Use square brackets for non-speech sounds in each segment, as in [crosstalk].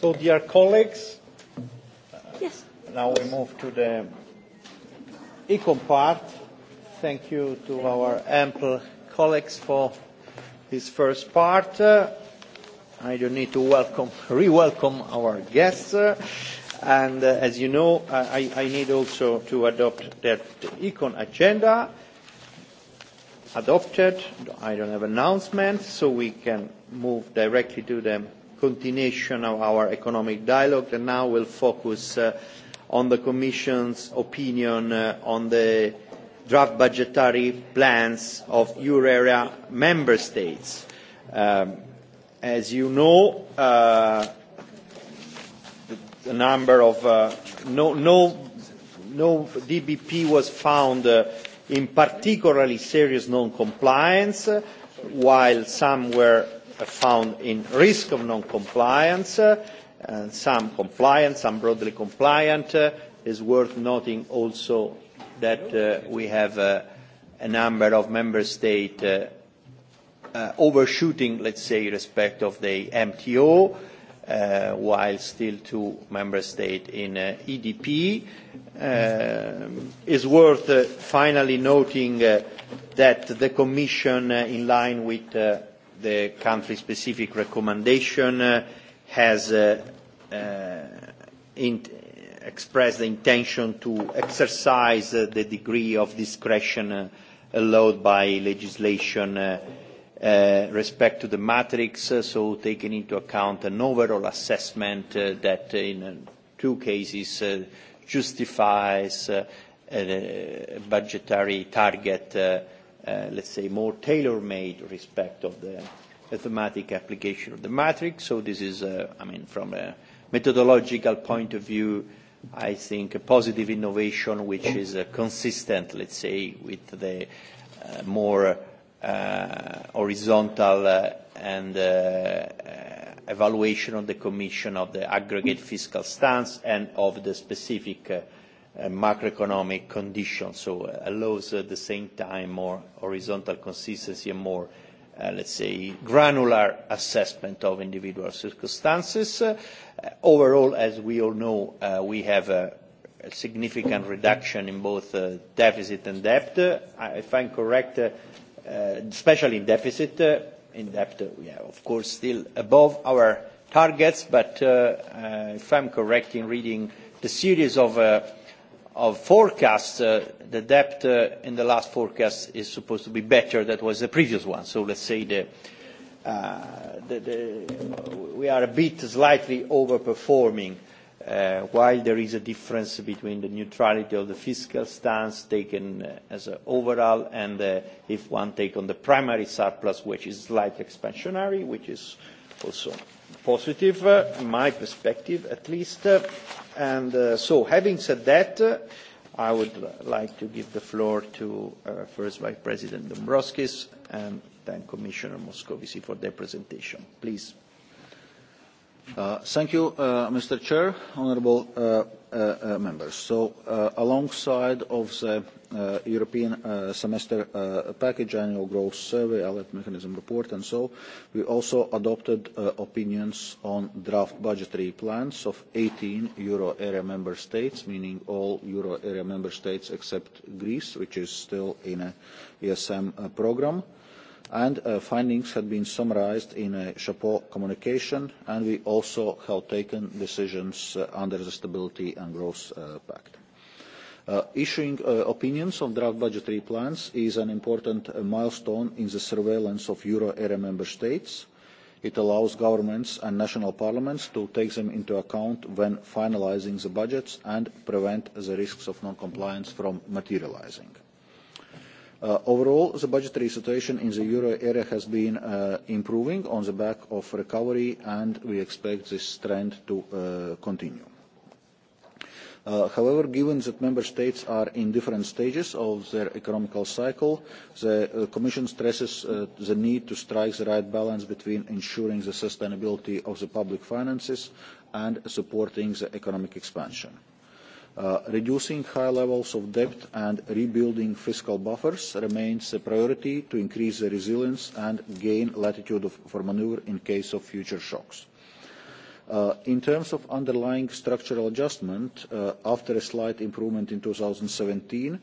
So, dear colleagues, yes. now we move to the econ part. Thank you to our ample colleagues for this first part. Uh, I do need to welcome, re-welcome our guests. Uh, and uh, as you know, I, I need also to adopt that econ agenda adopted. I don't have announcements, so we can move directly to the continuation of our economic dialogue and now we'll focus uh, on the Commission's opinion uh, on the draft budgetary plans of euro area member states. Um, as you know, uh, the number of uh, no, no, no DBP was found uh, in particularly serious non-compliance, uh, while some were found in risk of non-compliance, uh, and some compliant, some broadly compliant. Uh, is worth noting also that uh, we have uh, a number of member states uh, uh, overshooting, let's say, respect of the MTO, uh, while still two member states in uh, EDP. Uh, is worth uh, finally noting uh, that the Commission, uh, in line with uh, the country-specific recommendation uh, has uh, uh, in expressed the intention to exercise uh, the degree of discretion uh, allowed by legislation uh, uh, respect to the matrix, uh, so taking into account an overall assessment uh, that in uh, two cases uh, justifies uh, a budgetary target uh, uh, let's say, more tailor-made respect of the mathematic application of the matrix. So this is, uh, I mean, from a methodological point of view, I think a positive innovation which is uh, consistent, let's say, with the uh, more uh, horizontal uh, and uh, uh, evaluation of the Commission of the aggregate fiscal stance and of the specific uh, Uh, macroeconomic conditions, so uh, allows at the same time more horizontal consistency and more, uh, let's say, granular assessment of individual circumstances. Uh, overall, as we all know, uh, we have a, a significant reduction in both uh, deficit and debt. Uh, if I'm correct, uh, uh, especially in deficit, uh, in debt, uh, we are, of course, still above our targets, but uh, uh, if I'm correct in reading the series of uh, of forecasts, uh, the debt uh, in the last forecast is supposed to be better than was the previous one. So let's say the, uh, the, the, we are a bit slightly overperforming uh, while there is a difference between the neutrality of the fiscal stance taken uh, as an overall and uh, if one take on the primary surplus, which is slightly expansionary, which is also positive, uh, in my perspective at least. Uh, And uh, so, having said that, uh, I would like to give the floor to uh, first Vice President Dombrovskis and then Commissioner Moscovici for their presentation. Please. Uh, thank you, uh, Mr. Chair, Honorable uh, Uh, uh, members. So uh, alongside of the uh, European uh, semester uh, package, annual growth survey, ALET mechanism report and so, we also adopted uh, opinions on draft budgetary plans of 18 euro area member states, meaning all euro area member states except Greece, which is still in a ESM uh, and uh, findings had been summarised in a Chapeau communication, and we also have taken decisions uh, under the Stability and Growth uh, Pact. Uh, issuing uh, opinions on draft budgetary plans is an important uh, milestone in the surveillance of euro area member states. It allows governments and national parliaments to take them into account when finalising the budgets and prevent the risks of non-compliance from materialising. Uh, overall, the budgetary situation in the euro area has been uh, improving on the back of recovery, and we expect this trend to uh, continue. Uh, however, given that member states are in different stages of their economic cycle, the uh, Commission stresses uh, the need to strike the right balance between ensuring the sustainability of the public finances and supporting the economic expansion. Uh, reducing high levels of debt and rebuilding fiscal buffers remains a priority to increase the resilience and gain latitude of, for manoeuvre in case of future shocks. Uh, in terms of underlying structural adjustment, uh, after a slight improvement in 2017,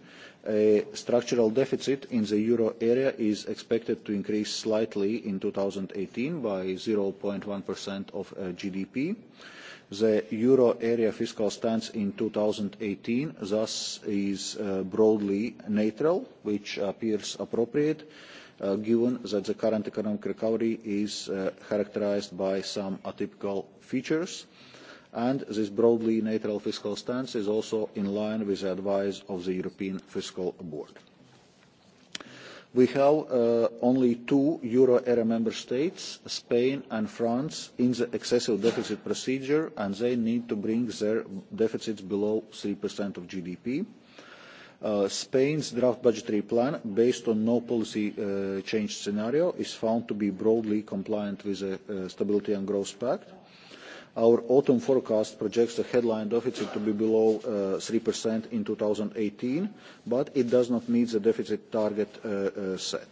a structural deficit in the euro area is expected to increase slightly in 2018 by 0.1% of uh, GDP. The euro area fiscal stance in 2018 thus is uh, broadly neutral, which appears appropriate uh, given that the current economic recovery is uh, characterized by some atypical features. And this broadly neutral fiscal stance is also in line with the advice of the European Fiscal Board. We have uh, only two euro area member states, Spain and France, in the excessive deficit procedure, and they need to bring their deficits below 3% of GDP. Uh, Spain's draft budgetary plan, based on no policy uh, change scenario, is found to be broadly compliant with the uh, Stability and Growth Pact, Our autumn forecast projects the headline deficit to be below uh, 3% in 2018, but it does not meet the deficit target uh, uh, set.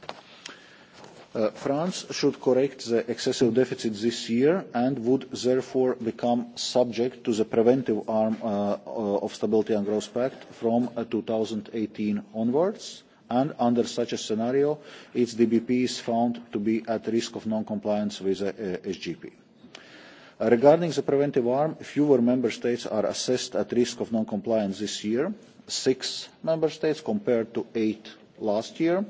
Uh, France should correct the excessive deficit this year and would therefore become subject to the preventive arm uh, uh of Stability and Growth Pact from uh, 2018 onwards. And under such a scenario, its DBP is found to be at risk of non-compliance with the uh, SGP. Regarding the preventive arm, fewer member states are assessed at risk of non-compliance this year, six member states compared to eight last year.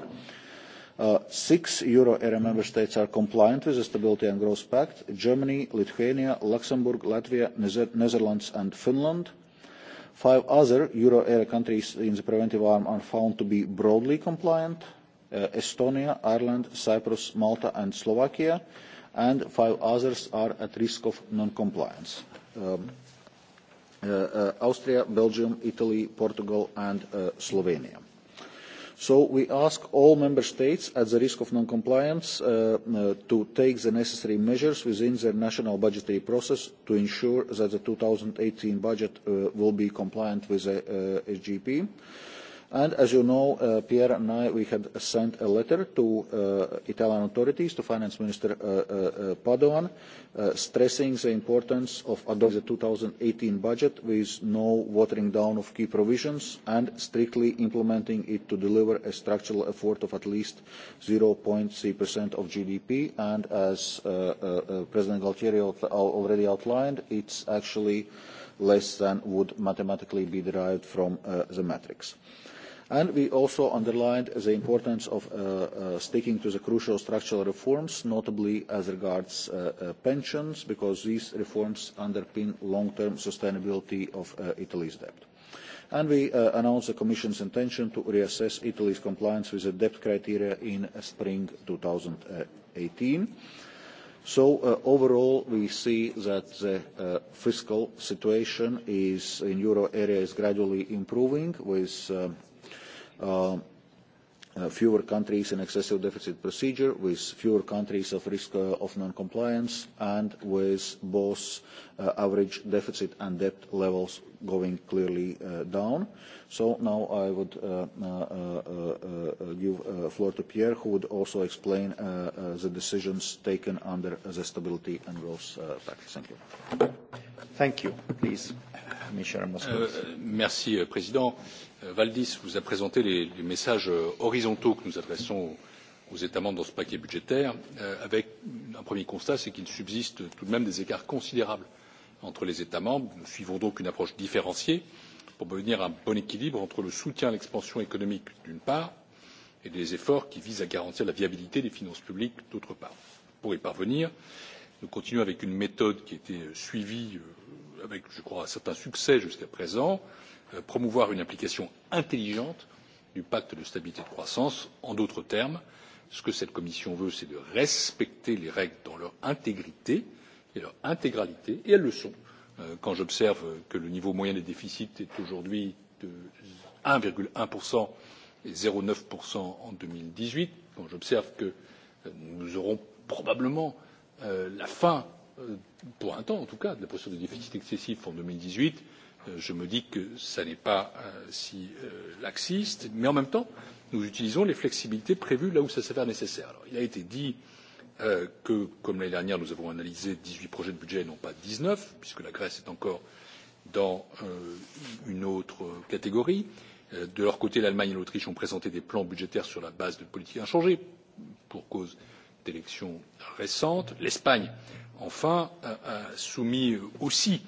Uh, six euro area member states are compliant with the Stability and Growth Pact, Germany, Lithuania, Luxembourg, Latvia, Netherlands and Finland. Five other euro area countries in the preventive arm are found to be broadly compliant, uh, Estonia, Ireland, Cyprus, Malta and Slovakia and five others are at risk of non-compliance. Um, uh, uh, Austria, Belgium, Italy, Portugal and uh, Slovenia. So we ask all member states at the risk of non-compliance uh, uh, to take the necessary measures within their national budgetary process to ensure that the 2018 budget uh, will be compliant with the uh, SGP. And as you know, uh, Pierre and I, we had sent a letter to uh, Italian authorities, to Finance Minister uh, uh, uh Padoan, uh, stressing the importance of adopting the 2018 budget with no watering down of key provisions and strictly implementing it to deliver a structural effort of at least 0.3% of GDP. And as uh, uh, uh President Galtieri already outlined, it's actually less than would mathematically be derived from uh, the matrix. And we also underlined the importance of uh, uh, sticking to the crucial structural reforms, notably as regards uh, uh, pensions, because these reforms underpin long-term sustainability of uh, Italy's debt. And we uh, announced the Commission's intention to reassess Italy's compliance with the debt criteria in spring 2018. So uh, overall, we see that the uh, fiscal situation is in euro area is gradually improving with uh, Um, uh, fewer countries in excessive deficit procedure, with fewer countries of risk uh, of non-compliance, and with both uh, average deficit and debt levels going clearly uh, down. So now I would uh, uh, uh, uh, uh give uh, floor to Pierre, who would also explain uh, uh, the decisions taken under the Stability and Growth uh, Pact. Thank you. Thank you. Please. Euh, merci, euh, Président. Euh, Valdis vous a présenté les, les messages horizontaux que nous adressons aux États membres dans ce paquet budgétaire, avec un premier constat, c'est qu'il subsiste tout de même des écarts considérables entre les États membres. Nous suivons donc une approche différenciée pour parvenir à un bon équilibre entre le soutien à l'expansion économique, d'une part, et des efforts qui visent à garantir la viabilité des finances publiques, d'autre part. Pour y parvenir, nous continuons avec une méthode qui a été suivie avec je crois un certain succès jusqu'à présent euh, promouvoir une application intelligente du pacte de stabilité et de croissance. en d'autres termes ce que cette commission veut c'est respecter les règles dans leur intégrité et leur intégralité et elles le sont euh, quand j'observe que le niveau moyen des déficits est aujourd'hui de un un et zéro neuf en deux mille dix huit quand j'observe que euh, nous aurons probablement la fin Euh, pour un temps en tout cas de la posture de déficit excessif en deux mille dix huit euh, je me dis que ce n'est pas euh, si laxiste mais en même temps nous utilisons les flexibilités prévues là où ça s'avère nécessaire. Alors, il a été dit que comme l'année dernière nous avons analysé dix huit projets de budget et non pas dix neuf puisque la grèce est encore dans une autre catégorie. de leur côté l'allemagne et l'autriche ont présenté des plans budgétaires sur la base de politiques inchangées pour cause d'élections récentes. l'espagne enfin euh, euh, soumis aussi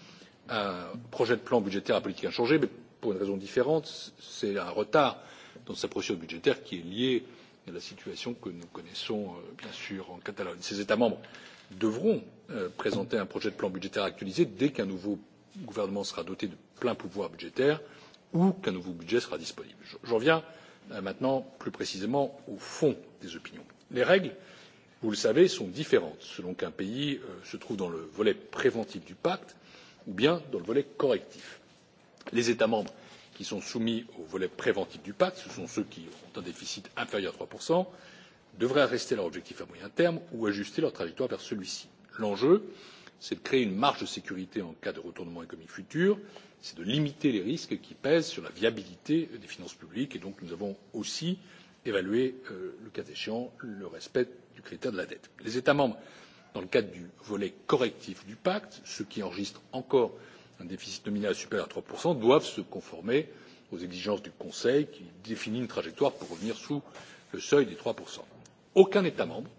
à un projet de plan budgétaire à politique inchangée mais pour une raison différente c'est un retard dans sa procédure budgétaire qui est lié à la situation que nous connaissons euh, bien sûr en catalogne. ces états membres devront présenter un projet de plan budgétaire actualisé dès qu'un nouveau gouvernement sera doté de pleins pouvoirs budgétaires ou qu'un nouveau budget sera disponible. j'en viens maintenant plus précisément au fond des opinions. les règles vous le savez sont différentes selon qu'un pays euh, se trouve dans le volet préventif du pacte ou bien dans le volet correctif. les états membres qui sont soumis au volet préventif du pacte ce sont ceux qui ont un déficit inférieur à trois devraient rester leur objectif à moyen terme ou ajuster leur trajectoire vers celui ci. l'enjeu c'est de créer une marge de sécurité en cas de retournement économique futur c'est de limiter les risques qui pèsent sur la viabilité des finances publiques et donc nous avons aussi évalué euh, le cas échéant le respect critère de la dette. les états membres dans le cadre du volet correctif du pacte ceux qui enregistrent encore un déficit nominal supérieur à trois doivent se conformer aux exigences du conseil qui définit une trajectoire pour revenir sous le seuil des trois aucun état membre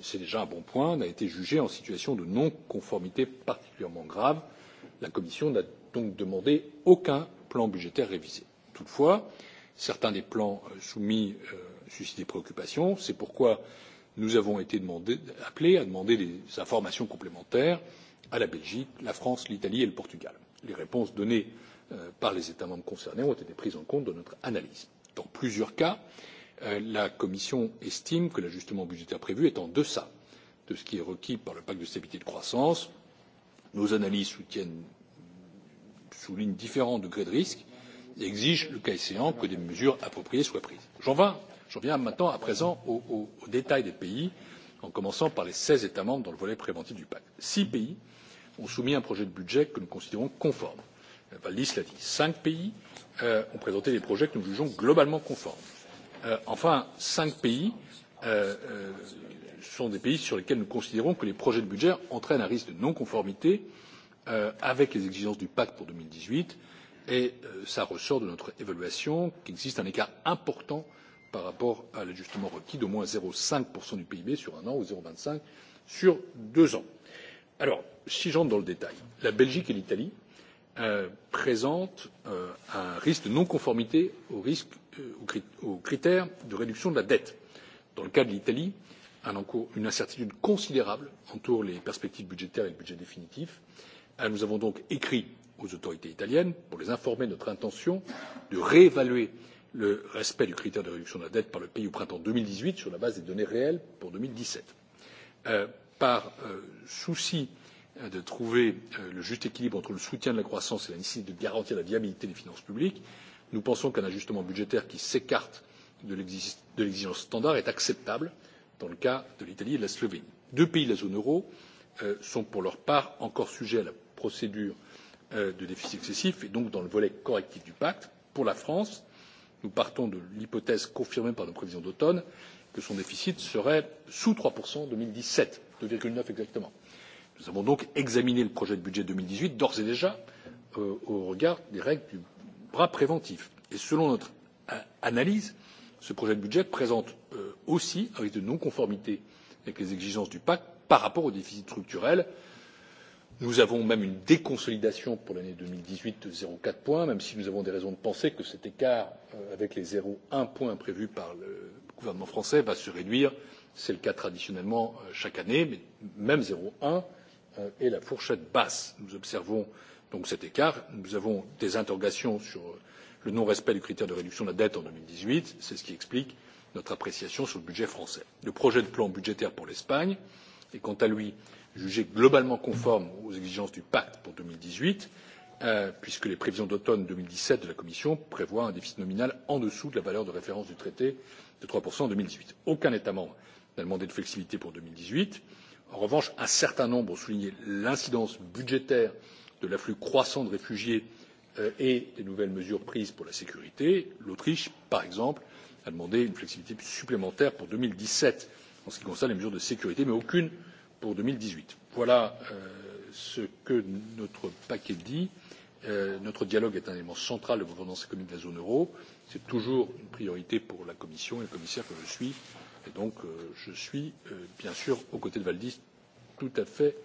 c'est déjà un bon point n'a été jugé en situation de non conformité particulièrement grave. la commission n'a donc demandé aucun plan budgétaire révisé. toutefois certains des plans euh, soumis euh, suscitent des préoccupations c'est pourquoi nous avons été demandés, appelés à demander des informations complémentaires à la belgique la france l'italie et le portugal. les réponses données euh, par les états membres concernés ont été prises en compte dans notre analyse. dans plusieurs cas euh, la commission estime que l'ajustement budgétaire prévu est en deçà de ce qui est requis par le pacte de stabilité et de croissance. nos analyses soutiennent, soulignent différents degrés de risque et exigent le cas échéant que des mesures appropriées soient prises. j'en vins j'en viens maintenant à présent au, au, au détail des pays en commençant par les seize états membres dans le volet préventif du pacte. six pays ont soumis un projet de budget que nous considérons conforme wallis l'a dit cinq pays euh, ont présenté des projets que nous jugeons globalement conformes. Euh, enfin cinq pays euh, euh sont des pays sur lesquels nous considérons que les projets de budget entraînent un risque de non conformité euh, avec les exigences du pacte pour deux mille dix huit et cela euh, ressort de notre évaluation qu'il existe un écart important par rapport à l'ajustement requis d'au moins zéro cinq du pib sur un an ou zéro vingt cinq sur deux ans. alors si j'entre dans le détail la belgique et l'italie euh, présentent euh, un risque de non conformité au risque, euh, aux critères de réduction de la dette. dans le cas de l'italie un une incertitude considérable entoure les perspectives budgétaires et le budget définitif. Euh, nous avons donc écrit aux autorités italiennes pour les informer de notre intention de réévaluer le respect du critère de réduction de la dette par le pays au printemps deux mille dix huit sur la base des données réelles pour deux mille dix sept euh, par euh, souci euh, de trouver le juste équilibre entre le soutien de la croissance et la nécessité de garantir la viabilité des finances publiques nous pensons qu'un ajustement budgétaire qui s'écarte de l'exigence standard est acceptable dans le cas de l'italie et de la slovénie. deux pays de la zone euro sont pour leur part encore sujets à la procédure de déficit excessif et donc dans le volet correctif du pacte pour la france nous partons de l'hypothèse confirmée par nos prévisions d'automne que son déficit serait sous trois en deux mille dix sept deux neuf exactement. nous avons donc examiné le projet de budget deux mille dix huit d'ores et déjà euh, au regard des règles du bras préventif et selon notre euh, analyse ce projet de budget présente euh, aussi un risque de non conformité avec les exigences du pacte par rapport au déficit structurel Nous avons même une déconsolidation pour l'année deux mille dix de zéro quatre même si nous avons des raisons de penser que cet écart euh, avec les zéro un prévus par le gouvernement français va se réduire. C'est le cas traditionnellement euh, chaque année, mais même zéro un euh, est la fourchette basse. Nous observons donc cet écart. Nous avons des interrogations sur le non-respect du critère de réduction de la dette en deux mille dix huit, C'est ce qui explique notre appréciation sur le budget français. Le projet de plan budgétaire pour l'Espagne est quant à lui jugée globalement conforme aux exigences du pacte pour deux mille dix huit euh, puisque les prévisions d'automne deux mille dix sept de la commission prévoient un déficit nominal en dessous de la valeur de référence du traité de trois en. deux mille dix huit aucun état membre n'a demandé de flexibilité pour. deux mille dix huit en revanche un certain nombre ont souligné l'incidence budgétaire de l'afflux croissant de réfugiés euh, et des nouvelles mesures prises pour la sécurité l'autriche par exemple a demandé une flexibilité supplémentaire pour deux mille dix sept en ce qui concerne les mesures de sécurité mais aucune pour deux mille dix huit voilà euh, ce que notre paquet dit. Euh, notre dialogue est un élément central de la gouvernance économique de la zone euro c'est toujours une priorité pour la commission et le commissaire que je suis et donc euh, je suis bien sûr aux côtés de valdis tout à fait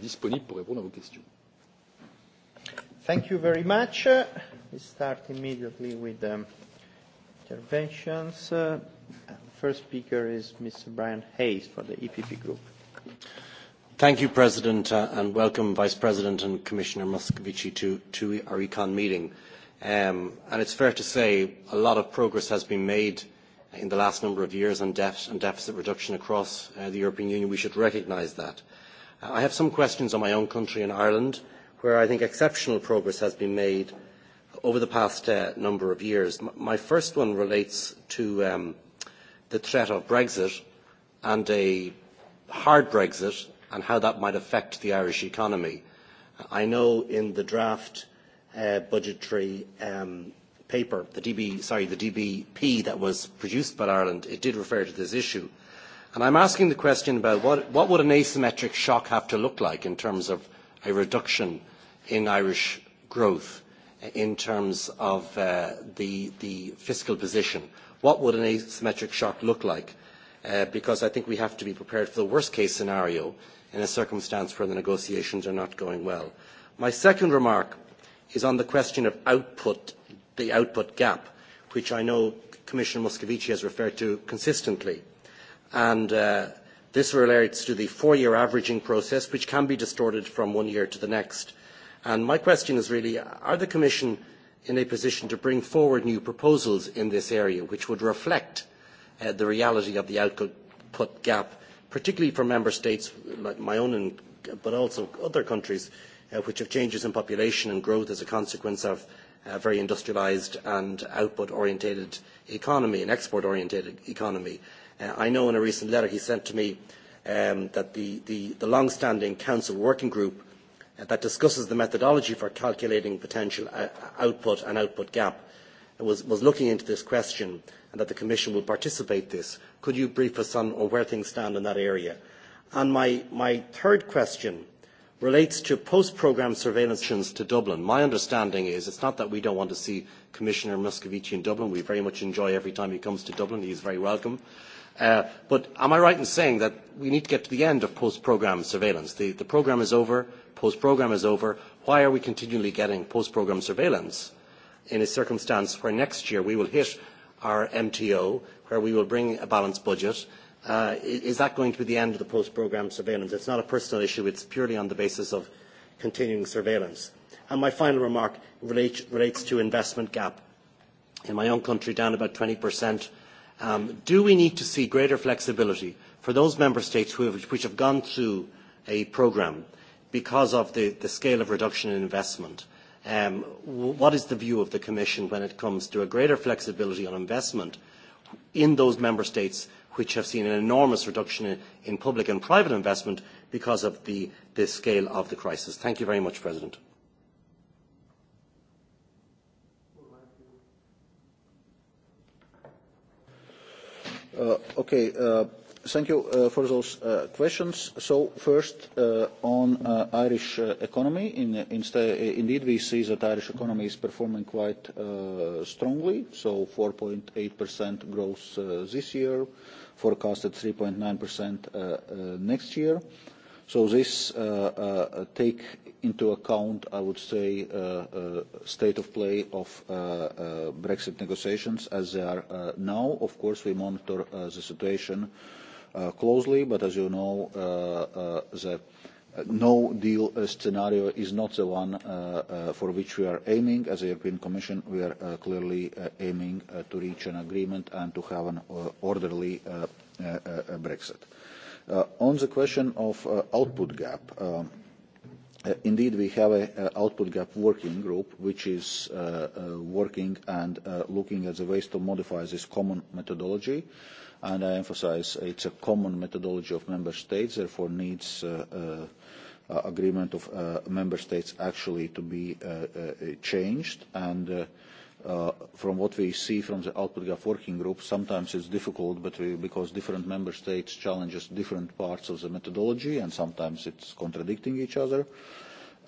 disponible pour répondre à vos questions. Thank you very much. We start immediately with um, interventions. Uh, first speaker is Mr. Brian Hayes for the EPP Group. Thank you, President, uh, and welcome Vice President and Commissioner Moscovici to, to our econ meeting. Um, and it's fair to say a lot of progress has been made in the last number of years on debt and deficit reduction across uh, the European Union. We should recognise that. Uh, I have some questions on my own country in Ireland, where I think exceptional progress has been made over the past uh, number of years. M my first one relates to um, the threat of Brexit and a hard Brexit and how that might affect the Irish economy. Uh, I know in the draft uh, budgetary um, paper, the, DB, sorry, the DBP that was produced by Ireland, it did refer to this issue. And I'm asking the question about what, what would an asymmetric shock have to look like in terms of a reduction in Irish growth in terms of uh, the, the fiscal position. What would an asymmetric shock look like? Uh, because I think we have to be prepared for the worst case scenario in a circumstance where the negotiations are not going well. My second remark is on the question of output, the output gap, which I know Commissioner Moscovici has referred to consistently. And uh, this relates to the four-year averaging process, which can be distorted from one year to the next. And my question is really, are the Commission in a position to bring forward new proposals in this area, which would reflect uh, the reality of the output gap particularly for member states like my own, and, but also other countries, uh, which have changes in population and growth as a consequence of a uh, very industrialised and output-orientated economy, an export-orientated economy. Uh, I know in a recent letter he sent to me um, that the, the, the long-standing council working group uh, that discusses the methodology for calculating potential uh, output and output gap was, was looking into this question and that the Commission will participate this. Could you brief us on, where things stand in that area? And my, my third question relates to post-programme surveillance to Dublin. My understanding is it's not that we don't want to see Commissioner Muscovici in Dublin. We very much enjoy every time he comes to Dublin. He is very welcome. Uh, but am I right in saying that we need to get to the end of post-programme surveillance? The, the programme is over, post-programme is over. Why are we continually getting post-programme surveillance in a circumstance where next year we will hit our MTO, where we will bring a balanced budget. Uh, is that going to be the end of the post-programme surveillance? It's not a personal issue, it's purely on the basis of continuing surveillance. And my final remark relate, relates to investment gap. In my own country, down about 20%. Um, do we need to see greater flexibility for those member states who have, which have gone through a programme because of the, the scale of reduction in investment? Um, what is the view of the Commission when it comes to a greater flexibility on investment in those member states which have seen an enormous reduction in, in public and private investment because of the, the scale of the crisis. Thank you very much, President. Uh, okay, uh, Thank you uh, for those uh, questions. So first, uh, on uh, Irish uh, economy, in, in uh, indeed we see that Irish economy is performing quite uh, strongly, so 4.8% growth uh, this year, forecasted 3.9% uh, uh, next year. So this uh, uh, take into account, I would say, uh, uh, state of play of uh, uh, Brexit negotiations as they are uh, now. Of course, we monitor uh, the situation uh, uh, closely, but as you know, uh, uh, the uh, no deal uh, scenario is not the one uh, uh, for which we are aiming. As the European Commission, we are uh, clearly uh, aiming uh, to reach an agreement and to have an uh, orderly uh, uh, uh, Brexit. Uh, on the question of uh, output gap, um, Uh, indeed, we have an uh, output gap working group which is uh, uh, working and uh, looking at the ways to modify this common methodology. Uh, and I emphasize it's a common methodology of member states, therefore needs uh, uh, uh, agreement of uh, member states actually to be uh, uh, changed. And uh, uh, from what we see from the output gap working group, sometimes it's difficult but we, because different member states challenges different parts of the methodology and sometimes it's contradicting each other. Uh,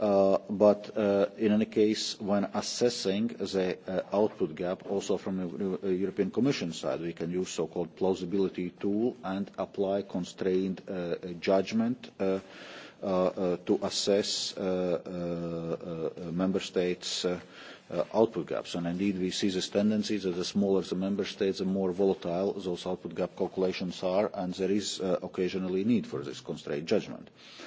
Uh, but uh, in any case, when assessing the uh, output gap, also from the uh, European Commission side, we can use so-called plausibility tool and apply constrained uh, judgment uh, uh, uh, to assess uh, uh, uh, member states' uh, uh, output gaps. And indeed, we see this tendency that the smaller the member states, the more volatile those output gap calculations are, and there is uh, occasionally need for this constrained judgment. Uh,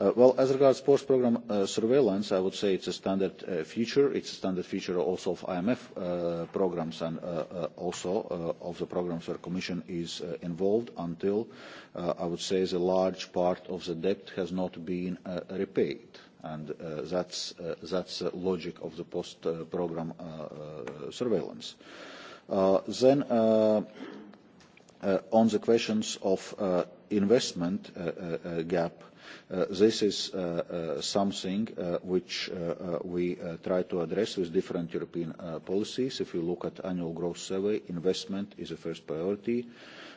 Uh, well, as regards post program uh, surveillance, I would say it's a standard uh, feature. It's a standard feature also of IMF uh, programs and uh, uh, also uh, of the programs where Commission is uh, involved until, uh, I would say, the large part of the debt has not been uh, repaid. And uh, that's, uh, that's the logic of the post programme uh, program uh, uh, surveillance. Uh, then, uh, uh, on the questions of uh, investment uh, uh, uh gap, uh, Uh, this is uh, uh, something uh, which uh, uh, we uh, try to address with different European uh, policies. If you look at annual growth survey, investment is the first priority.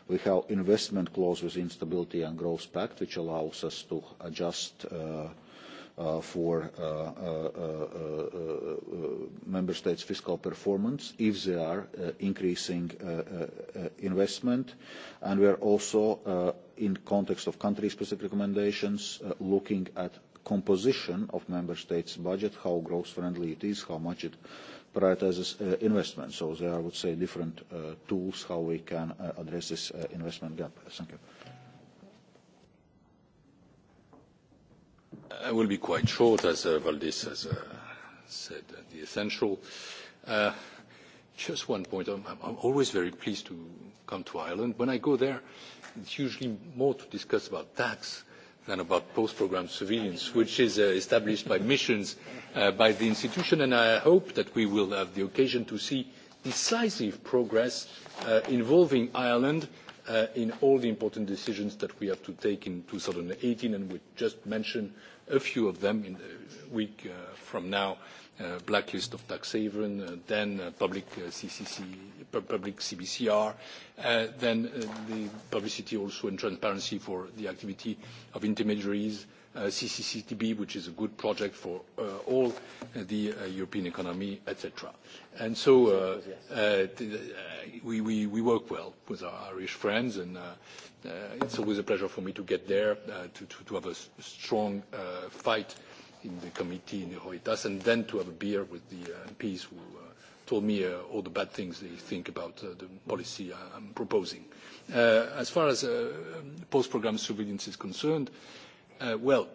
We have investment clause within stability and growth pact, which allows us to adjust uh, uh, for uh, uh, uh, uh, member states' fiscal performance if they are uh, increasing uh, uh, uh investment. And we are also uh, in context of country-specific recommendations, uh, looking at composition of member states' budget, how growth-friendly it is, how much it prioritizes uh, investment. So there are, I would say, different uh, tools how we can uh, address this uh, investment gap. Thank you. I will be quite short, as uh, Valdis has uh, said uh, the essential. Uh, just one point. I'm, I'm always very pleased to come to Ireland. When I go there, it's usually more to discuss about tax than about post-program surveillance, which is uh, established by missions uh, by the institution, and I hope that we will have the occasion to see decisive progress uh, involving Ireland uh, in all the important decisions that we have to take in 2018, and we just mentioned a few of them in the week uh, from now, uh, blacklist of tax haven, uh, then uh, public uh, CCC, public CBCR, uh, then uh, the publicity also and transparency for the activity of intermediaries, uh, CCCTB, which is a good project for uh, all uh, the uh, European economy, etc. And so uh, uh, uh, we, we, we work well with our Irish friends, and uh, Uh, it's always a pleasure for me to get there, uh, to, to, have a strong uh, fight in the committee in the Hoitas, and then to have a beer with the uh, MPs who uh, told me uh, all the bad things they think about uh, the policy uh, I'm proposing. Uh, as far as uh, post-program surveillance is concerned, uh, well,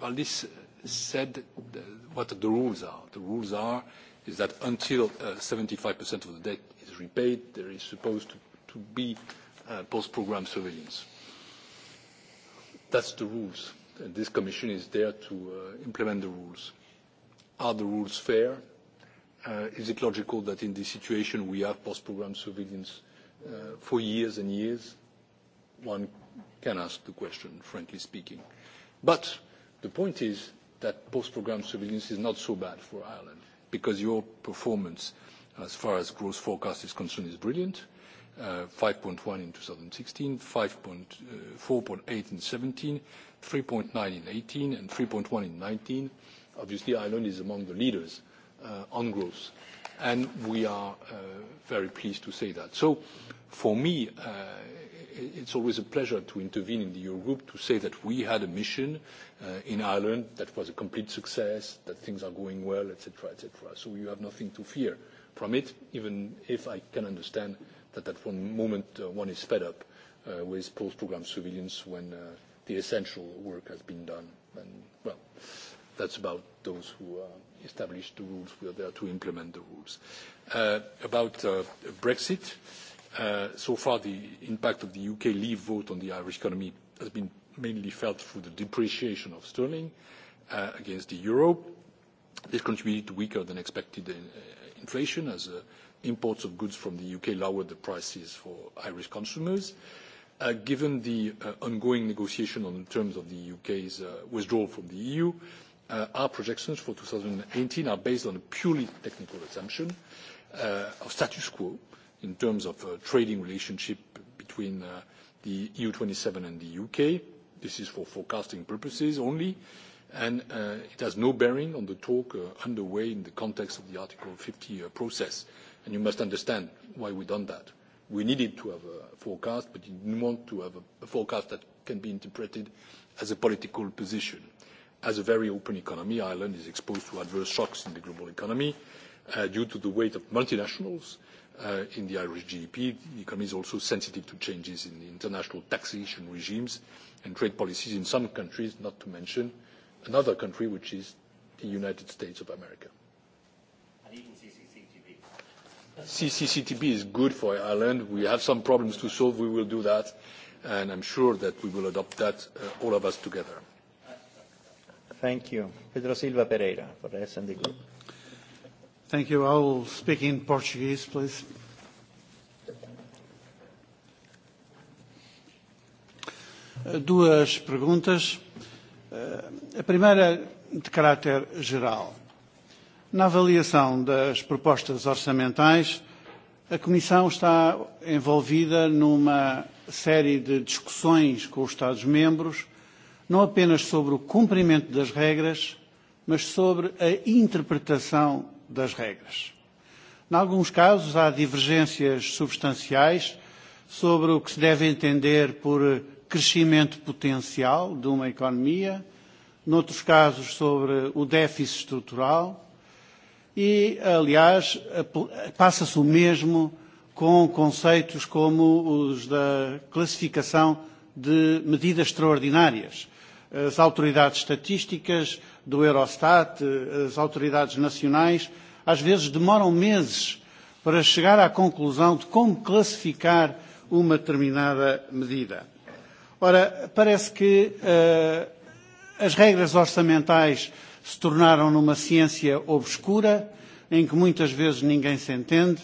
Valdis said what the rules are. The rules are is that until uh, 75% of the debt is repaid, there is supposed to, to be uh, post-program surveillance. That's the rules. And this commission is there to uh, implement the rules. Are the rules fair? Uh, is it logical that in this situation we have post-program surveillance uh, for years and years? One can ask the question, frankly speaking. But the point is that post-program surveillance is not so bad for Ireland because your performance as far as growth forecast is concerned is brilliant uh, 5.1 in 2016, 4.8 in 2017, 3.9 in 2018, and 3.1 in 2019. Obviously, Ireland is among the leaders uh, on growth, and we are uh, very pleased to say that. So for me, uh, it's always a pleasure to intervene in the Eurogroup to say that we had a mission uh, in Ireland that was a complete success, that things are going well, et cetera. So you have nothing to fear from it, even if I can understand that at one moment uh, one is fed up uh, with post-program surveillance when uh, the essential work has been done. And, well, that's about those who uh, establish the rules. We are there to implement the rules. Uh, about uh, Brexit, uh, so far the impact of the UK leave vote on the Irish economy has been mainly felt through the depreciation of sterling uh, against the euro. This contributed to weaker than expected in, uh, inflation as uh, imports of goods from the UK lowered the prices for Irish consumers. Uh, given the uh, ongoing negotiation on the terms of the UK's uh, withdrawal from the EU, our projections for 2018 are based on a purely technical assumption of status quo in terms of trading relationship between the EU27 and the UK. This is for forecasting purposes only, and it has no bearing on the talk underway in the context of the Article 50 process And you must understand why we done that. We needed to have a forecast, but you didn't want to have a, a forecast that can be interpreted as a political position. As a very open economy, Ireland is exposed to adverse shocks in the global economy uh, due to the weight of multinationals uh, in the Irish GDP. The economy is also sensitive to changes in the international taxation regimes and trade policies in some countries, not to mention another country, which is the United States of America. CCCTB is good for Ireland. We have some problems to solve. We will do that. And I'm sure that we will adopt that, uh, all of us together. Thank you. Pedro Silva Pereira for the S&D Group. Thank you. I will speak in Portuguese, please. Uh, duas perguntas. Uh, a primeira de caráter geral. Na avaliação das propostas orçamentais, a Comissão está envolvida numa série de discussões com os Estados-membros, não apenas sobre o cumprimento das regras, mas sobre a interpretação das regras. Em alguns casos, há divergências substanciais sobre o que se deve entender por crescimento potencial de uma economia, noutros casos, sobre o déficit estrutural e, aliás, passa-se o mesmo com conceitos como os da classificação de medidas extraordinárias. As autoridades estatísticas do Eurostat, as autoridades nacionais, às vezes demoram meses para chegar à conclusão de como classificar uma determinada medida. Ora, parece que uh, as regras orçamentais se tornaram numa ciência obscura, em que muitas vezes ninguém se entende.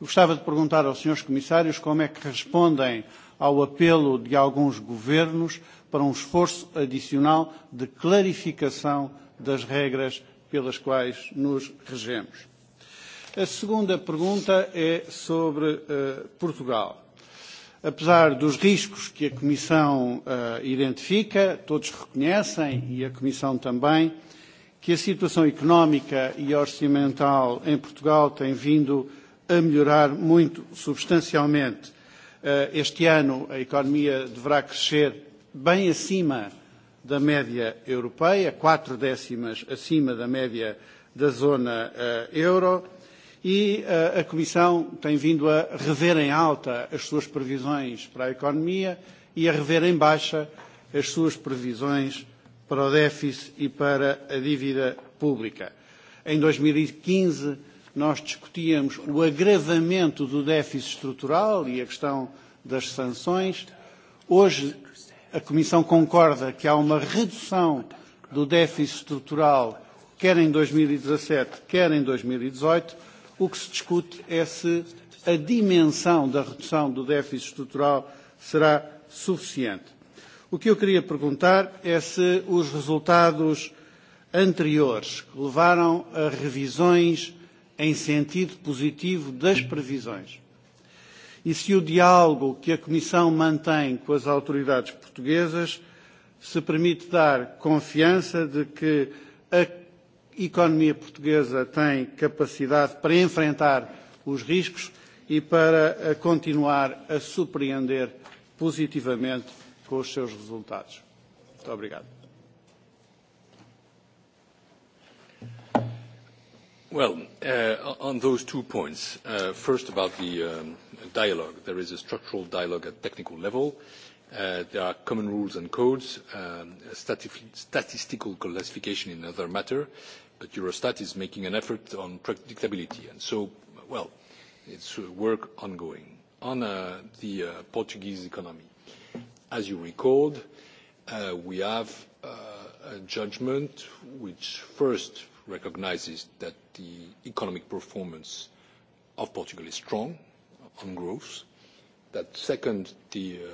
Eu gostava de perguntar aos senhores comissários como é que respondem ao apelo de alguns governos para um esforço adicional de clarificação das regras pelas quais nos regemos. A segunda pergunta é sobre uh, Portugal. Apesar dos riscos que a Comissão uh, identifica, todos reconhecem e a Comissão também, que a situação económica e orçamental em Portugal tem vindo a melhorar muito substancialmente. Eh, este ano a economia deverá crescer bem acima da média europeia, quatro décimas acima da média da zona eh, euro, e eh, a Comissão tem vindo a rever em alta as suas previsões para a economia e a rever em baixa as suas previsões para o déficit e para a dívida pública. Em 2015, e nós discutíamos o agravamento do déficit estrutural e a questão das sanções. Hoje, a Comissão concorda que há uma redução do déficit estrutural, quer em 2017, e quer em 2018. E o que se discute é se a dimensão da redução do déficit estrutural será suficiente. O que eu queria perguntar é se os resultados anteriores levaram a revisões em sentido positivo das previsões e se o diálogo que a Comissão mantém com as autoridades portuguesas se permite dar confiança de que a economia portuguesa tem capacidade para enfrentar os riscos e para continuar a surpreender positivamente com os seus resultados. Muito obrigado. Well, uh, on those two points, uh, first about the um, dialogue, there is a structural dialogue at technical level. Uh, there are common rules and codes, um, stati statistical classification in another matter, but Eurostat is making an effort on predictability. And so, well, it's work ongoing. On uh, the uh, Portuguese economy, as you recalled, uh, we have uh, a judgment which first recognizes that the economic performance of Portugal is strong on growth, that second, the uh,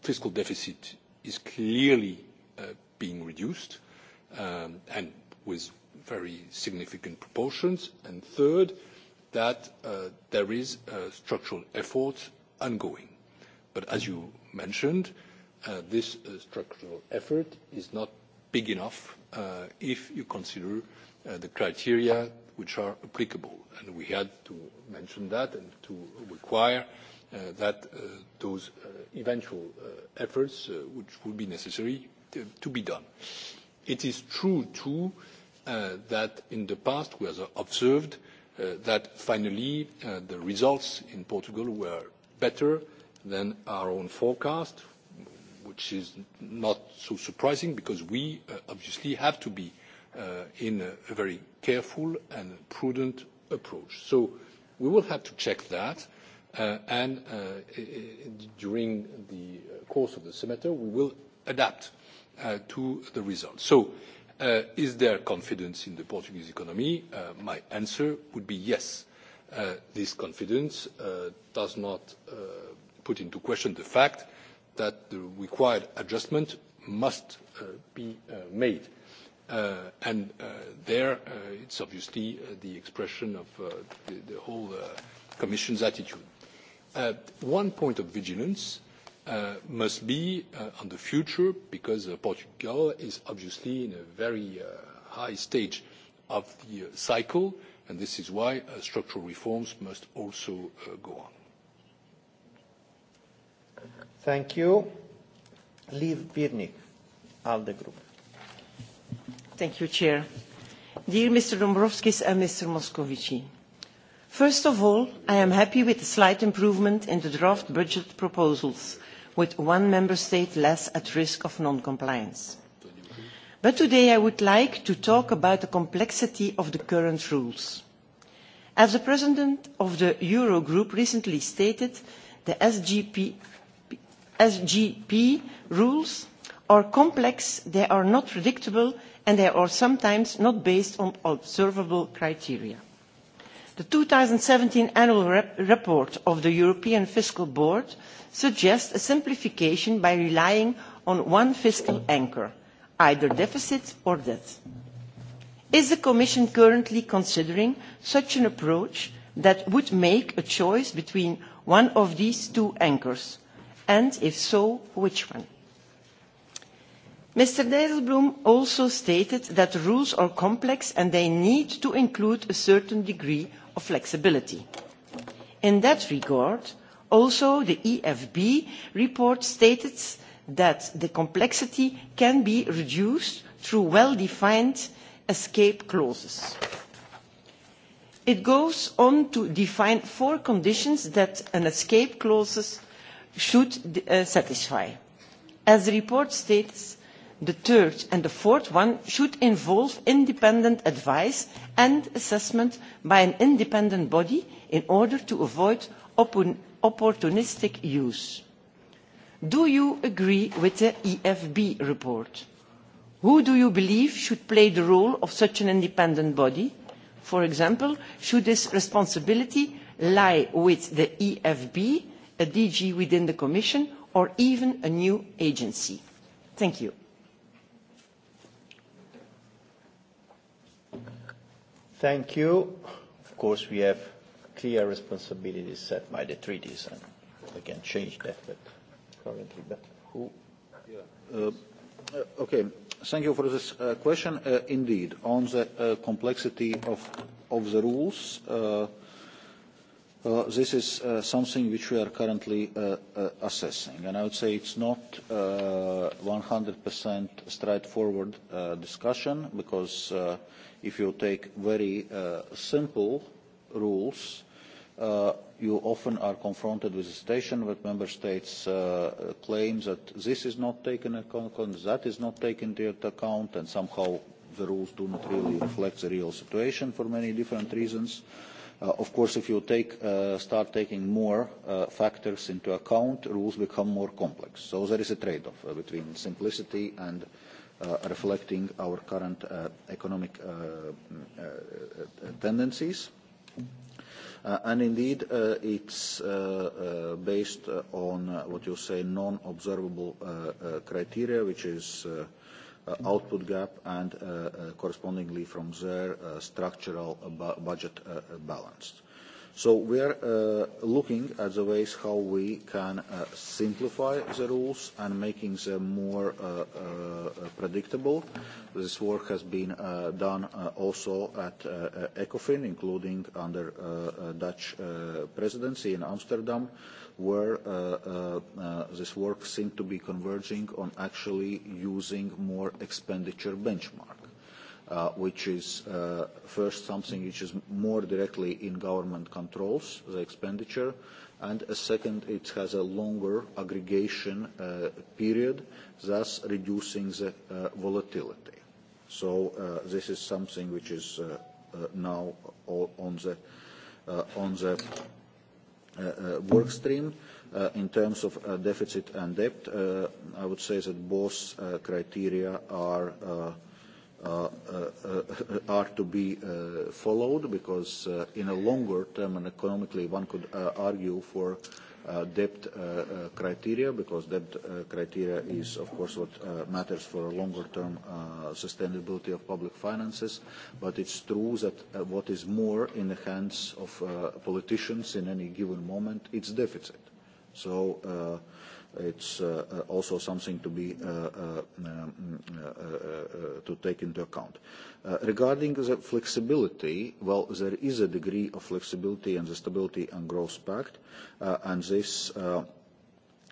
fiscal deficit is clearly uh, being reduced, um, and with very significant proportions, and third, that uh, there is a structural effort ongoing. But as you mentioned, uh, this uh, structural effort is not big enough uh, if you consider uh, the criteria which are applicable. And we had to mention that and to require uh, that uh, those uh, eventual uh, efforts uh, which would be necessary to, to be done. It is true, too, uh, that in the past we have observed uh, that finally uh, the results in Portugal were better than our own forecast, which is not so surprising because we uh, obviously have to be uh, in a, a very careful and prudent approach. So we will have to check that, uh, and uh, during the uh, course of the semester, we will adapt uh, to the results. So is there confidence in the Portuguese economy? My answer would be yes. This confidence does not put into question the fact that the required adjustment must uh, be uh, made. Uh, and there, it's obviously the expression of the whole Commission's attitude. One point of vigilance must be on the future, because Portugal is obviously in a very high stage of the cycle, and this is why structural reforms must also go on. Thank you. Liv Birnik, ALDE Group. Thank you, Chair. Dear Mr. Dombrovskis and Mr. Moscovici, first of all, I am happy with the slight improvement in the draft budget proposals, with one member state less at risk of non-compliance. But today I would like to talk about the complexity of the current rules. As the President of the Eurogroup recently stated, the SGP SGP rules are complex, they are not predictable, and they are sometimes not based on observable criteria. The seventeen annual rep report of the European Fiscal Board suggests a simplification by relying on one fiscal anchor, either deficit or debt. Is the Commission currently considering such an approach that would make a choice between one of these two anchors, and if so, which one? Mr. Dijsselbloem also stated that rules are complex and they need to include a certain degree of flexibility. In that regard, also the EFB report stated that the complexity can be reduced through well-defined escape clauses. It goes on to define four conditions that an escape clause should uh, satisfy. As the report states, the third and the fourth one should involve independent advice and assessment by an independent body in order to avoid opportunistic use. Do you agree with the EFB report? Who do you believe should play the role of such an independent body? For example, should this responsibility lie with the EFB a DG within the Commission, or even a new agency. Thank you. Thank you. Of course, we have clear responsibilities set by the treaties, and we can change that but currently. But who? Yeah. Uh, okay. Thank you for this uh, question. Uh, indeed, on the complexity of, of the rules, uh, this is uh, something which we are currently uh, uh, assessing, and I would say it's not uh, 100% straightforward uh, discussion because uh, if you take very uh, simple rules, uh, you often are confronted with a situation where member states uh, claim that this is not taken into account, that is not taken into account, and somehow the rules do not really reflect the real situation for many different reasons. Uh, Uh, of course, if you take, uh, start taking more uh, factors into account, rules become more complex. So there is a trade-off uh, between simplicity and uh, reflecting our current uh, economic uh, uh, tendencies. Uh, and indeed, uh, it's uh, uh, based on uh, what you say non-observable uh, uh, criteria, which is uh, uh, output gap and uh, uh, correspondingly from there uh, structural bu budget uh, uh, balance. So we are uh, looking at the ways how we can uh, simplify the rules and making them more uh, uh, predictable. This work has been uh, done uh, also at uh, uh ECOFIN, including under uh, uh, Dutch uh, presidency in Amsterdam where uh, uh, uh, this work seemed to be converging on actually using more expenditure benchmark. Uh, which is uh, first something which is more directly in government controls, the expenditure, and a second, it has a longer aggregation uh, period, thus reducing the uh, volatility. So uh, this is something which is uh, uh, now on the, uh, on the Uh, uh, work stream. Uh, in terms of uh, deficit and debt, uh, I would say that both uh, criteria are, uh, uh, uh, [laughs] are to be uh, followed because uh, in a longer term and economically one could uh, argue for uh, debt uh, uh, criteria because debt uh, criteria is of course what uh, matters for a longer term uh, sustainability of public finances but it's true that uh, what is more in the hands of uh, politicians in any given moment it's deficit so uh, it's uh, uh, also something to be uh, uh, um, uh, uh, uh, to take into account. Uh, regarding the flexibility, well, there is a degree of flexibility in the Stability and Growth Pact, uh, and this. Uh,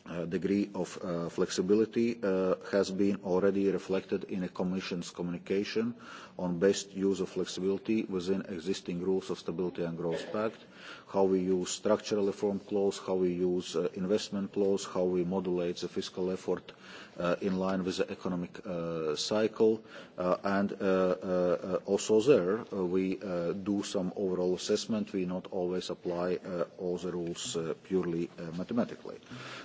Uh, degree of uh, flexibility uh, has been already reflected in the Commission's communication on best use of flexibility within existing rules of Stability and Growth Pact how we use structural reform clause, how we use uh, investment clause, how we modulate the fiscal effort uh, in line with the economic uh, cycle. Uh, and uh, uh, uh also there, uh, we uh, do some overall assessment. We not always apply uh, all the rules uh, purely uh, mathematically.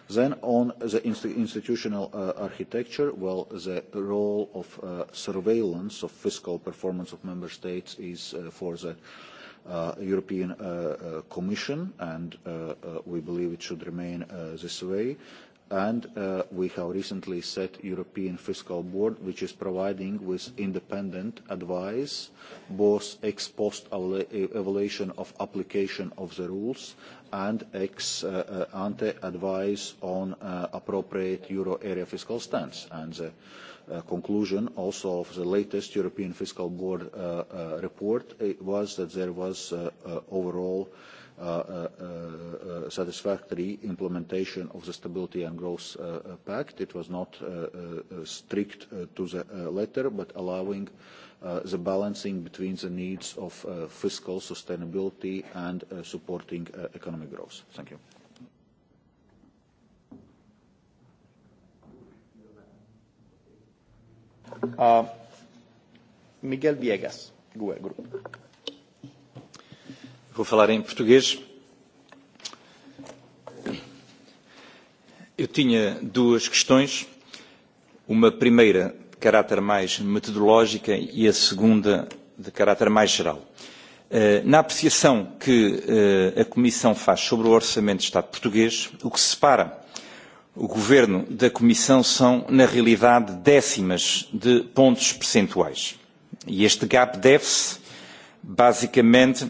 Then on the inst institutional uh, architecture, well, the role of uh, surveillance of fiscal performance of member states is uh, for the uh, European uh, uh, Commission, and uh, uh, we believe it should remain uh, this way and uh, we have recently set European Fiscal Board, which is providing with independent advice, both ex post e, evaluation of application of the rules and ex uh, uh, ante advice on appropriate euro area fiscal stance. And the conclusion also of the latest European Fiscal Board report was that there was overall Uh uh, uh, uh, satisfactory implementation of the Stability and Growth uh, Pact. It was not strict to the letter, but allowing the balancing between the needs of fiscal sustainability and supporting economic growth. Thank you. Miguel Viegas, Google Group. Vou falar em português. Eu tinha duas questões. Uma primeira de caráter mais metodológica e a segunda de caráter mais geral. Eh, na apreciação que eh, a Comissão faz sobre o Orçamento de Estado português, o que separa o Governo da Comissão são, na realidade, décimas de pontos percentuais. E este gap deve-se, basicamente,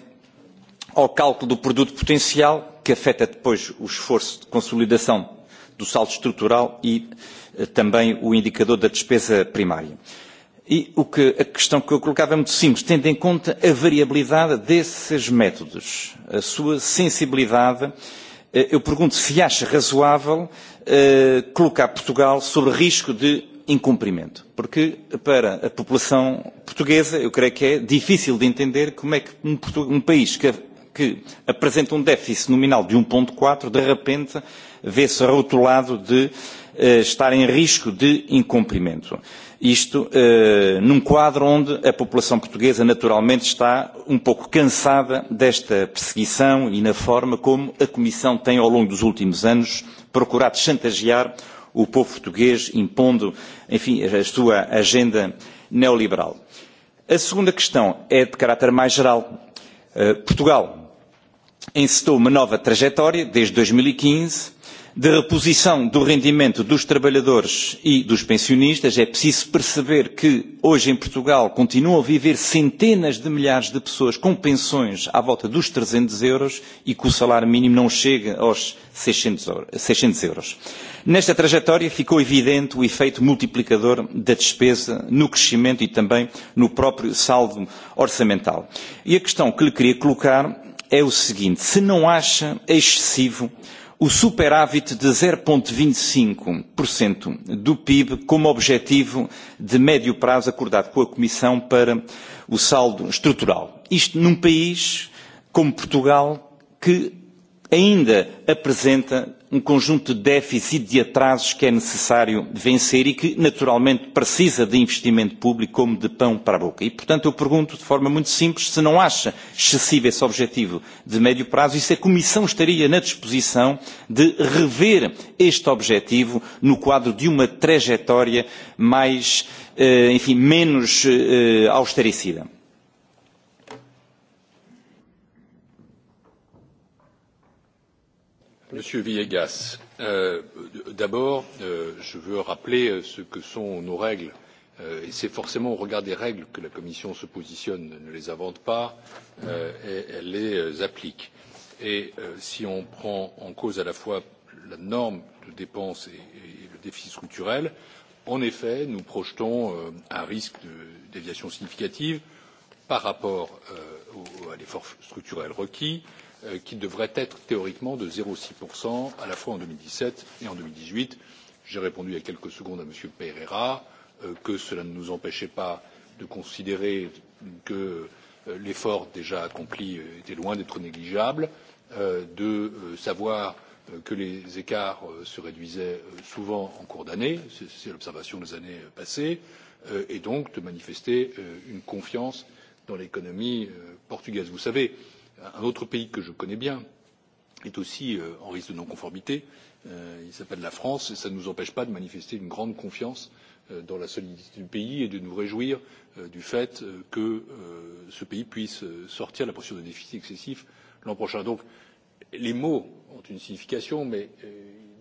ao cálculo do produto potencial, que afeta depois o esforço de consolidação do saldo estrutural e eh, também o indicador da despesa primária. E o que, a questão que eu colocava é muito simples, tendo em conta a variabilidade desses métodos, a sua sensibilidade, eh, eu pergunto se acha razoável eh, colocar Portugal sobre risco de incumprimento. Porque para a população portuguesa, eu creio que é difícil de entender como é que um, um país que que apresenta um déficit nominal de 1,4, um de repente vê-se rotulado de uh, estar em risco de incumprimento. Isto uh, num quadro onde a população portuguesa naturalmente está um pouco cansada desta perseguição e na forma como a Comissão tem ao longo dos últimos anos procurado chantagear o povo português impondo, enfim, a sua agenda neoliberal. A segunda questão é de caráter mais geral. Eh, Portugal instou uma nova trajetória, desde dois mil e quinze de reposição do rendimento dos trabalhadores e dos pensionistas, é preciso perceber que hoje em Portugal continuam a viver centenas de milhares de pessoas com pensões à volta dos 300 euros e que o salário mínimo não chega aos 600 euros. Nesta trajetória ficou evidente o efeito multiplicador da despesa no crescimento e também no próprio saldo orçamental. E a questão que lhe queria colocar é o seguinte, se não acha excessivo o superávit de 0,25% e do PIB como objetivo de médio prazo acordado com a Comissão para o saldo estrutural. Isto num país como Portugal que ainda apresenta um conjunto de déficit de atrasos que é necessário vencer e que, naturalmente, precisa de investimento público como de pão para a boca. E, portanto, eu pergunto de forma muito simples se não acha excessivo esse objetivo de médio prazo e se a Comissão estaria na disposição de rever este objetivo no quadro de uma trajetória mais, eh, enfim, menos eh, austericida. Monsieur Villegas, euh, d'abord, euh, je veux rappeler euh, ce que sont nos règles. Euh, et c'est forcément au regard des règles que la Commission se positionne, ne les invente pas, euh, et, elle les euh, applique. Et euh, si on prend en cause à la fois la norme de dépenses et, et le déficit structurel, en effet, nous projetons euh, un risque de déviation significative par rapport euh, au, à l'effort structurel requis. Euh, Euh, qui devrait être théoriquement de zéro six à la fois en deux mille dix sept et en. deux mille dix huit j'ai répondu il y a quelques secondes à m. pereira euh, que cela ne nous empêchait pas de considérer que euh, l'effort déjà accompli était loin d'être négligeable de savoir que les écarts se réduisaient souvent en cours d'année c'est l'observation des années passées et donc de manifester une confiance dans l'économie portugaise. vous savez un autre pays que je connais bien est aussi euh, en risque de non conformité euh, il s'appelle la france et cela ne nous empêche pas de manifester une grande confiance euh, dans la solidité du pays et de nous réjouir du fait que ce pays puisse sortir de la procédure de déficit excessif l'an prochain. donc les mots ont une signification mais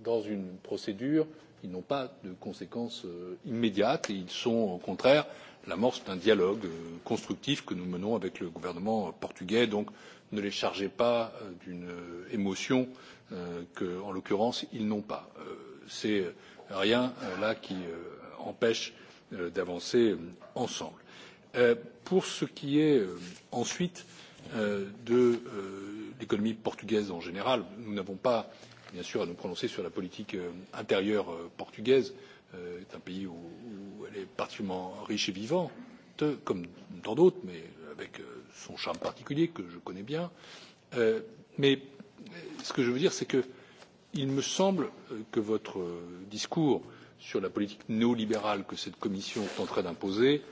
dans une procédure ils n'ont pas de conséquences immédiates et ils sont au contraire l'amorce d'un dialogue constructif que nous menons avec le gouvernement portugais. donc ne les chargez pas euh, d'une euh, émotion euh, que, en l'occurrence, ils n'ont pas. C'est rien là qui empêche d'avancer ensemble. Pour ce qui est ensuite de l'économie portugaise en général, nous n'avons pas, bien sûr, à nous prononcer sur la politique intérieure portugaise. C'est un pays où elle est particulièrement riche et vivante, comme dans d'autres, mais avec euh, son charme particulier que je connais bien. Euh, mais euh, ce que je veux dire, c'est qu'il me semble que votre discours sur la politique néolibérale que cette commission tenterait d'imposer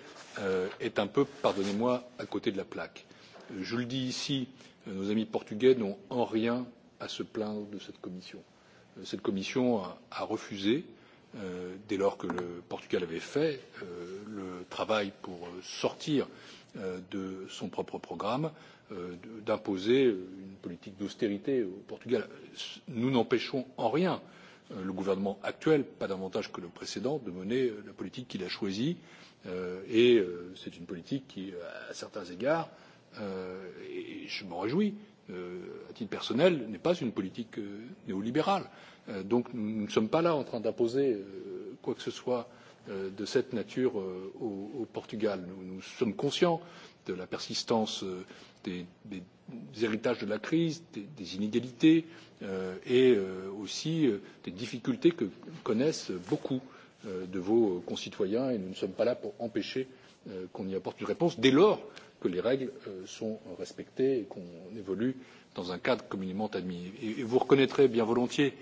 est un peu, pardonnez-moi, à côté de la plaque. Je le dis ici, nos amis portugais n'ont en rien à se plaindre de cette commission. Cette commission a refusé, dès lors que le Portugal avait fait le travail pour sortir Euh, de son propre programme euh, d'imposer une politique d'austérité au Portugal. Nous n'empêchons en rien euh, le gouvernement actuel, pas davantage que le précédent, de mener la politique qu'il a choisie et c'est une politique qui, à certains égards, et je m'en réjouis, à titre personnel, n'est pas une politique néolibérale. Donc nous ne sommes pas là en train d'imposer quoi que ce soit Euh, de cette nature euh, au, au Portugal. Nous, nous sommes conscients de la persistance euh, des, des héritages de la crise, des, des inégalités et aussi des difficultés que connaissent beaucoup de vos concitoyens et nous ne sommes pas là pour empêcher qu'on y apporte une réponse dès lors que les règles sont respectées et qu'on évolue dans un cadre communément admis. Et vous reconnaîtrez bien volontiers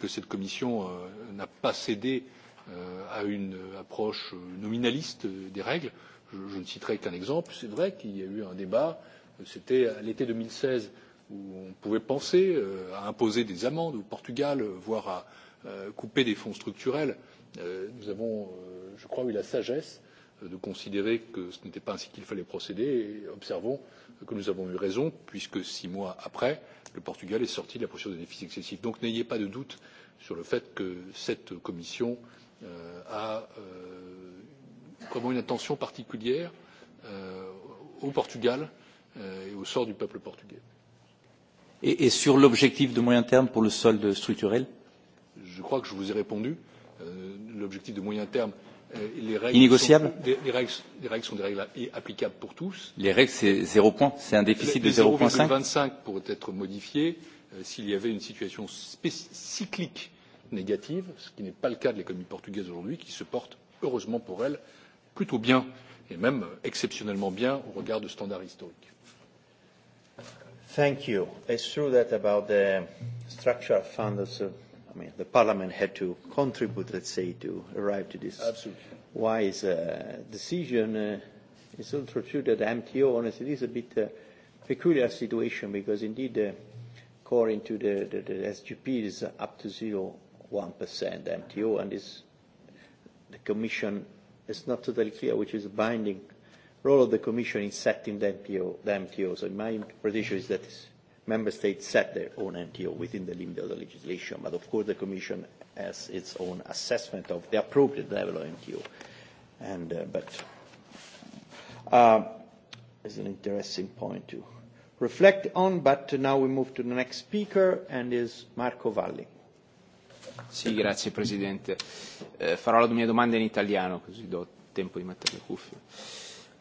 que cette commission n'a pas cédé Euh, à une approche nominaliste des règles. Je, ne citerai qu'un exemple. C'est vrai qu'il y a eu un débat, c'était à l'été 2016, où on pouvait penser euh, à imposer des amendes au Portugal, voire à euh, couper des fonds structurels. Nous avons, je crois, eu la sagesse de considérer que ce n'était pas ainsi qu'il fallait procéder et observons que nous avons eu raison puisque six mois après, le Portugal est sorti de la procédure de déficit excessif. Donc n'ayez pas de doute sur le fait que cette commission euh, Euh, a vraiment euh, une attention particulière euh, au Portugal et au sort du peuple portugais. Et, et sur l'objectif de moyen terme pour le solde structurel Je crois que je vous ai répondu. l'objectif de moyen terme, et les règles. Innégociable sont, les, les, règles, les règles sont des règles applicables pour tous. Les règles, c'est zéro point, c'est un déficit les, de vingt 0,25 pourrait être modifié euh, s'il y avait une situation cyclique négative ce qui n'est pas le cas de l'économie portugaise aujourd'hui qui se porte heureusement pour elle plutôt bien et même exceptionnellement bien au regard de standards historiques. Thank you. It's true that about the structural funds, also I mean, the Parliament had to contribute, let's say, to arrive to this Absolutely. wise uh, decision. Uh, it's also true that the MTO, honestly, is a bit uh, peculiar situation because indeed uh, according to the, the, the SGP is up to zero 1% MTO, and is, the Commission is not totally clear which is the binding role of the Commission in setting the MTO. The MTO. So my interpretation is that member states set their own MTO within the limit of the legislation, but of course the Commission has its own assessment of the appropriate level of MTO. And, uh, but uh, it's an interesting point to reflect on, but now we move to the next speaker, and is Marco Valli. Sì, grazie Presidente. Eh, farò la mia domanda in italiano, così do tempo di mettere le cuffie.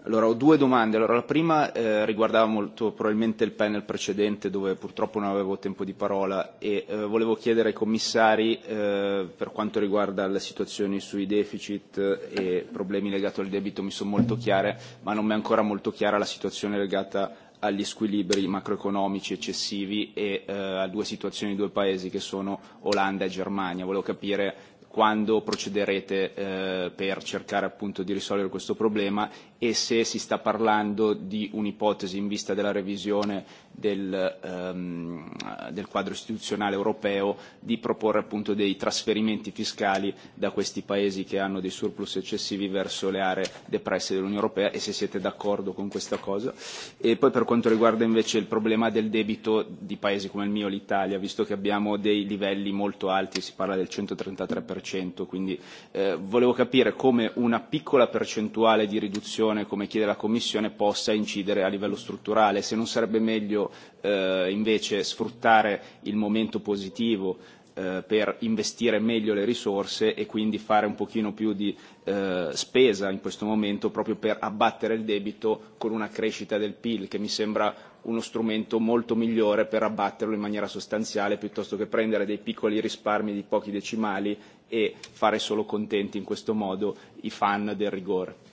Allora, ho due domande. Allora, la prima eh, riguardava molto probabilmente il panel precedente dove purtroppo non avevo tempo di parola e eh, volevo chiedere ai commissari eh, per quanto riguarda le situazioni sui deficit eh, e problemi legati al debito mi sono molto chiare, ma non mi è ancora molto chiara la situazione legata agli squilibri macroeconomici eccessivi e eh, a due situazioni di due paesi che sono Olanda e Germania. Volevo capire quando procederete eh, per cercare appunto di risolvere questo problema e se si sta parlando di un'ipotesi in vista della revisione del, ehm, del quadro istituzionale europeo di proporre appunto dei trasferimenti fiscali da questi paesi che hanno dei surplus eccessivi verso le aree depresse dell'Unione Europea e se siete d'accordo con questa cosa. E poi per quanto riguarda invece il problema del debito di paesi come il mio, l'Italia, visto che abbiamo dei livelli molto alti, si parla del 133% 30%, quindi eh, volevo capire come una piccola percentuale di riduzione, come chiede la Commissione, possa incidere a livello strutturale, se non sarebbe meglio eh, invece sfruttare il momento positivo eh, per investire meglio le risorse e quindi fare un pochino più di eh, spesa in questo momento proprio per abbattere il debito con una crescita del PIL che mi sembra uno strumento molto migliore per abbatterlo in maniera sostanziale piuttosto che prendere dei piccoli risparmi di pochi decimali e fare solo contenti in questo modo i fan del rigore.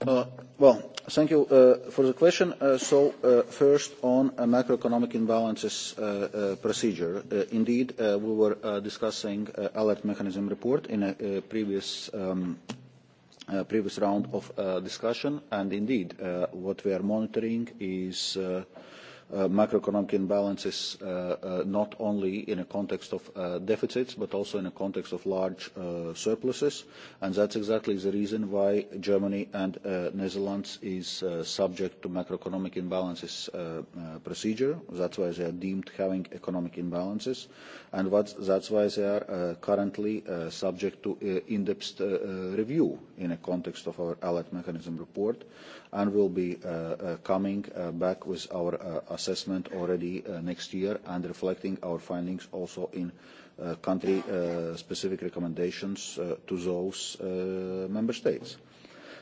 Uh, well, thank you uh, for the question. Uh, so, uh, first on a uh, macroeconomic imbalances uh, uh, procedure. Uh, indeed, uh, we were uh, discussing uh, alert mechanism report in a, a uh, previous um, Uh, previous round of uh, discussion, and indeed, uh, what we are monitoring is uh, uh, macroeconomic imbalances uh, uh, not only in a context of uh, deficits but also in a context of large uh, surpluses and that's exactly the reason why Germany and uh, Netherlands is uh, subject to macroeconomic imbalances uh, uh, procedure that's why they are deemed having economic imbalances and what's, that's why they are uh, currently uh, subject to uh, in-depth uh, uh, review in a context of our alert mechanism report and will be uh, uh, coming uh, back with our uh, assessment already uh, next year and reflecting our findings also in uh, country-specific uh, recommendations uh, to those uh, member states.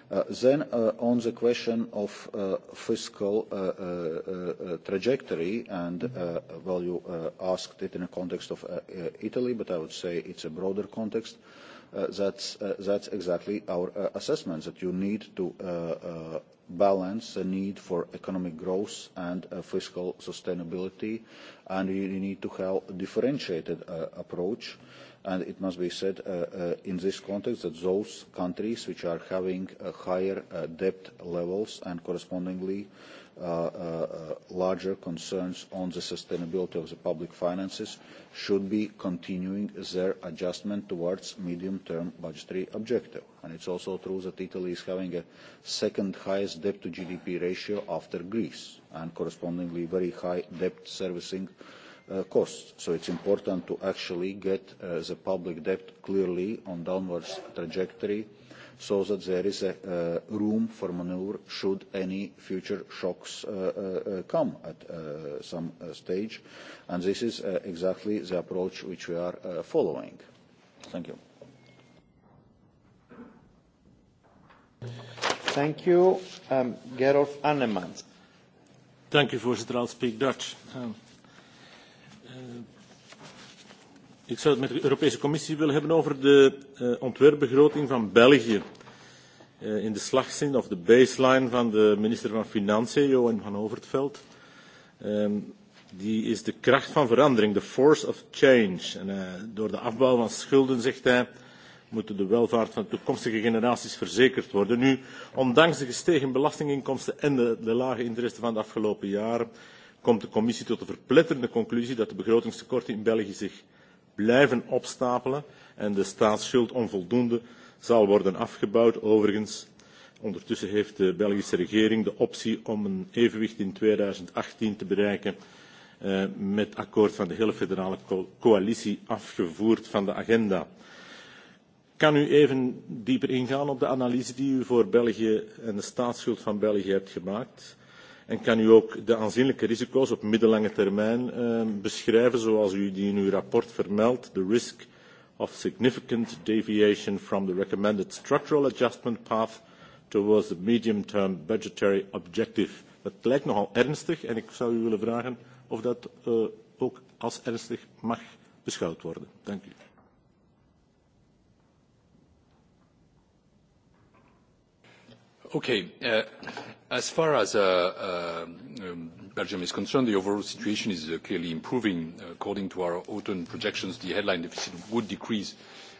Uh, then uh, on the question of uh, fiscal uh, uh, uh, trajectory, and uh, well, you uh, asked it in a context of uh, uh, Italy, but I would say it's a broader context. Uh, that's, uh, that's exactly our uh, assessment, that you need to uh, uh, balance the need for economic growth and uh, fiscal sustainability, and we need to have a differentiated uh, approach. And it must be said uh, uh, in this context that those countries which are having uh, higher uh, debt levels and correspondingly uh, Uh, uh, uh, larger concerns on the sustainability of the public finances should be continuing their adjustment towards medium-term budgetary objective. And it's also true that Italy is having a second highest debt to GDP ratio after Greece and correspondingly very high debt servicing uh, costs. So it's important to actually get uh, the public debt clearly on downwards trajectory uh, so that there is a uh, eh, room for maneuver should any future shocks uh, uh, come at uh, some uh, stage. And this is uh, exactly the approach which we are uh, following. Thank you. Thank you. Um, Gerolf Annemans. Thank you, voorzitter. I'll speak Dutch. Um, uh, Ik zou het met de Europese Commissie willen hebben over de uh, ontwerpbegroting van België. Uh, in de slagzin of de baseline van de minister van Financiën, Johan van Overtveld. Um, die is de kracht van verandering, de force of change. En, uh, door de afbouw van schulden, zegt hij, moeten de welvaart van toekomstige generaties verzekerd worden. Nu, ondanks de gestegen belastinginkomsten en de, de lage interesse van de afgelopen jaren, komt de commissie tot de verpletterende conclusie dat de begrotingstekorten in België zich blijven opstapelen en de staatsschuld onvoldoende zal worden afgebouwd. Overigens, ondertussen heeft de Belgische regering de optie om een evenwicht in 2018 te bereiken eh, met akkoord van de hele federale coalitie afgevoerd van de agenda. Kan u even dieper ingaan op de analyse die u voor België en de staatsschuld van België hebt gemaakt? En kan u ook de aanzienlijke risico's op middellange termijn uh, beschrijven, zoals u die in uw rapport vermeldt, de risk of significant deviation from the recommended structural adjustment path towards the medium-term budgetary objective. Dat lijkt nogal ernstig en ik zou u willen vragen of dat uh, ook als ernstig mag beschouwd worden. Dank u. Okay, uh, eh, As far as uh, uh, um, Belgium is concerned, the overall situation is uh, clearly improving. Uh, according to our autumn projections, the headline deficit would decrease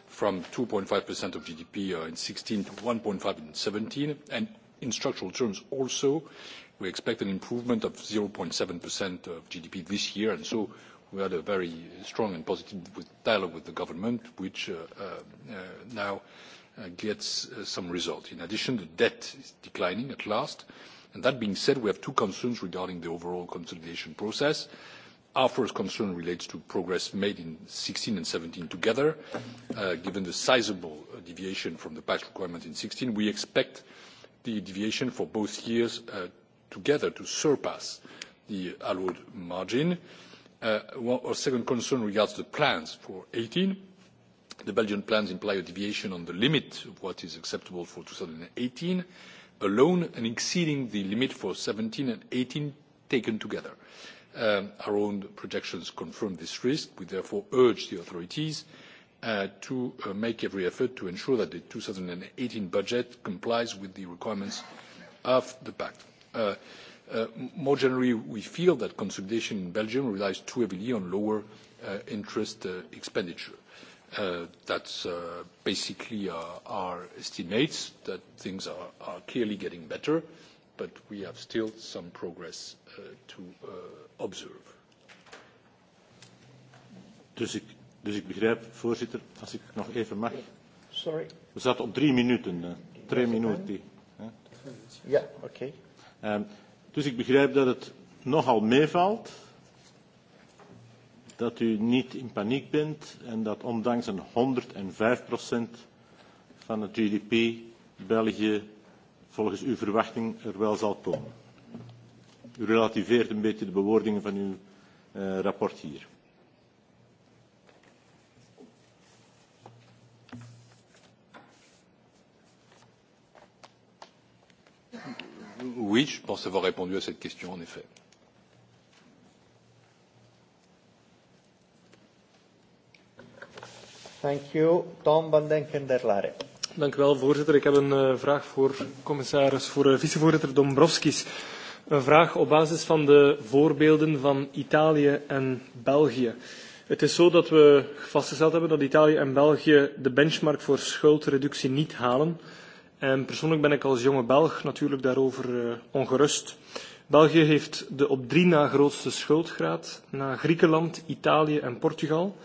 from 2.5% of GDP uh, in 2016 to 1.5% in 2017. And in structural terms also, we expect an improvement of 0.7% of GDP this year. And so we had a very strong and positive dialogue with the government, which uh, now Uh, gets uh, some result. In addition, the debt is declining at last. And that being said, we have two concerns regarding the overall consolidation process. Our first concern relates to progress made in 2016 and 2017 together. Uh, given the sizable uh, deviation from the patch requirement in 2016, we expect the deviation for both years uh, together to surpass the allowed margin. Uh, our second concern regards the plans for 2018 The Belgian plans imply a deviation on the limit of what is acceptable for eighteen alone and exceeding the limit for 2017 and eighteen taken together. Um, our own projections confirm this risk. We therefore urge the authorities uh, to uh, make every effort to ensure that the eighteen budget complies with the requirements of the pact. Uh, uh more generally, we feel that consolidation in Belgium relies too heavily on lower uh, interest uh, expenditure Uh, that's uh, basically uh, our estimates that things are, are clearly getting better, but we have still some progress uh, to uh, observe. Dus ik, begrijp, voorzitter, als ik nog even mag. Sorry. We zaten op drie minuten, drie eh, minuten. Ja, oké. Okay. Um, ehm, dus ik begrijp dat het nogal meevalt dat u niet in paniek bent en dat ondanks een 105% van het GDP België volgens uw verwachting er wel zal komen. U relativeert een beetje de bewoordingen van uw uh, rapport hier. Oui, je pense avoir répondu à cette question en effet. Thank you. Tom van Denkenderlare. Dank u wel, voorzitter. Ik heb een uh, vraag voor commissaris, voor uh, vicevoorzitter Dombrovskis. Een vraag op basis van de voorbeelden van Italië en België. Het is zo dat we vastgesteld hebben dat Italië en België de benchmark voor schuldreductie niet halen. En persoonlijk ben ik als jonge Belg natuurlijk daarover uh, ongerust. België heeft de op drie na grootste schuldgraad na Griekenland, Italië en Portugal.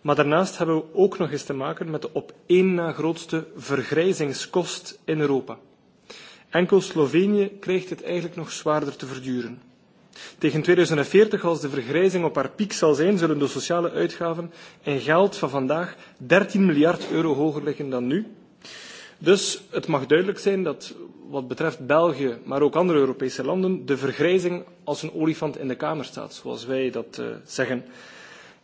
Maar daarnaast hebben we ook nog eens te maken met de op één na grootste vergrijzingskost in Europa. Enkel Slovenië krijgt dit eigenlijk nog zwaarder te verduren. Tegen 2040, als de vergrijzing op haar piek zal zijn, zullen de sociale uitgaven in geld van vandaag 13 miljard euro hoger liggen dan nu. Dus het mag duidelijk zijn dat wat betreft België, maar ook andere Europese landen, de vergrijzing als een olifant in de kamer staat, zoals wij dat uh, zeggen.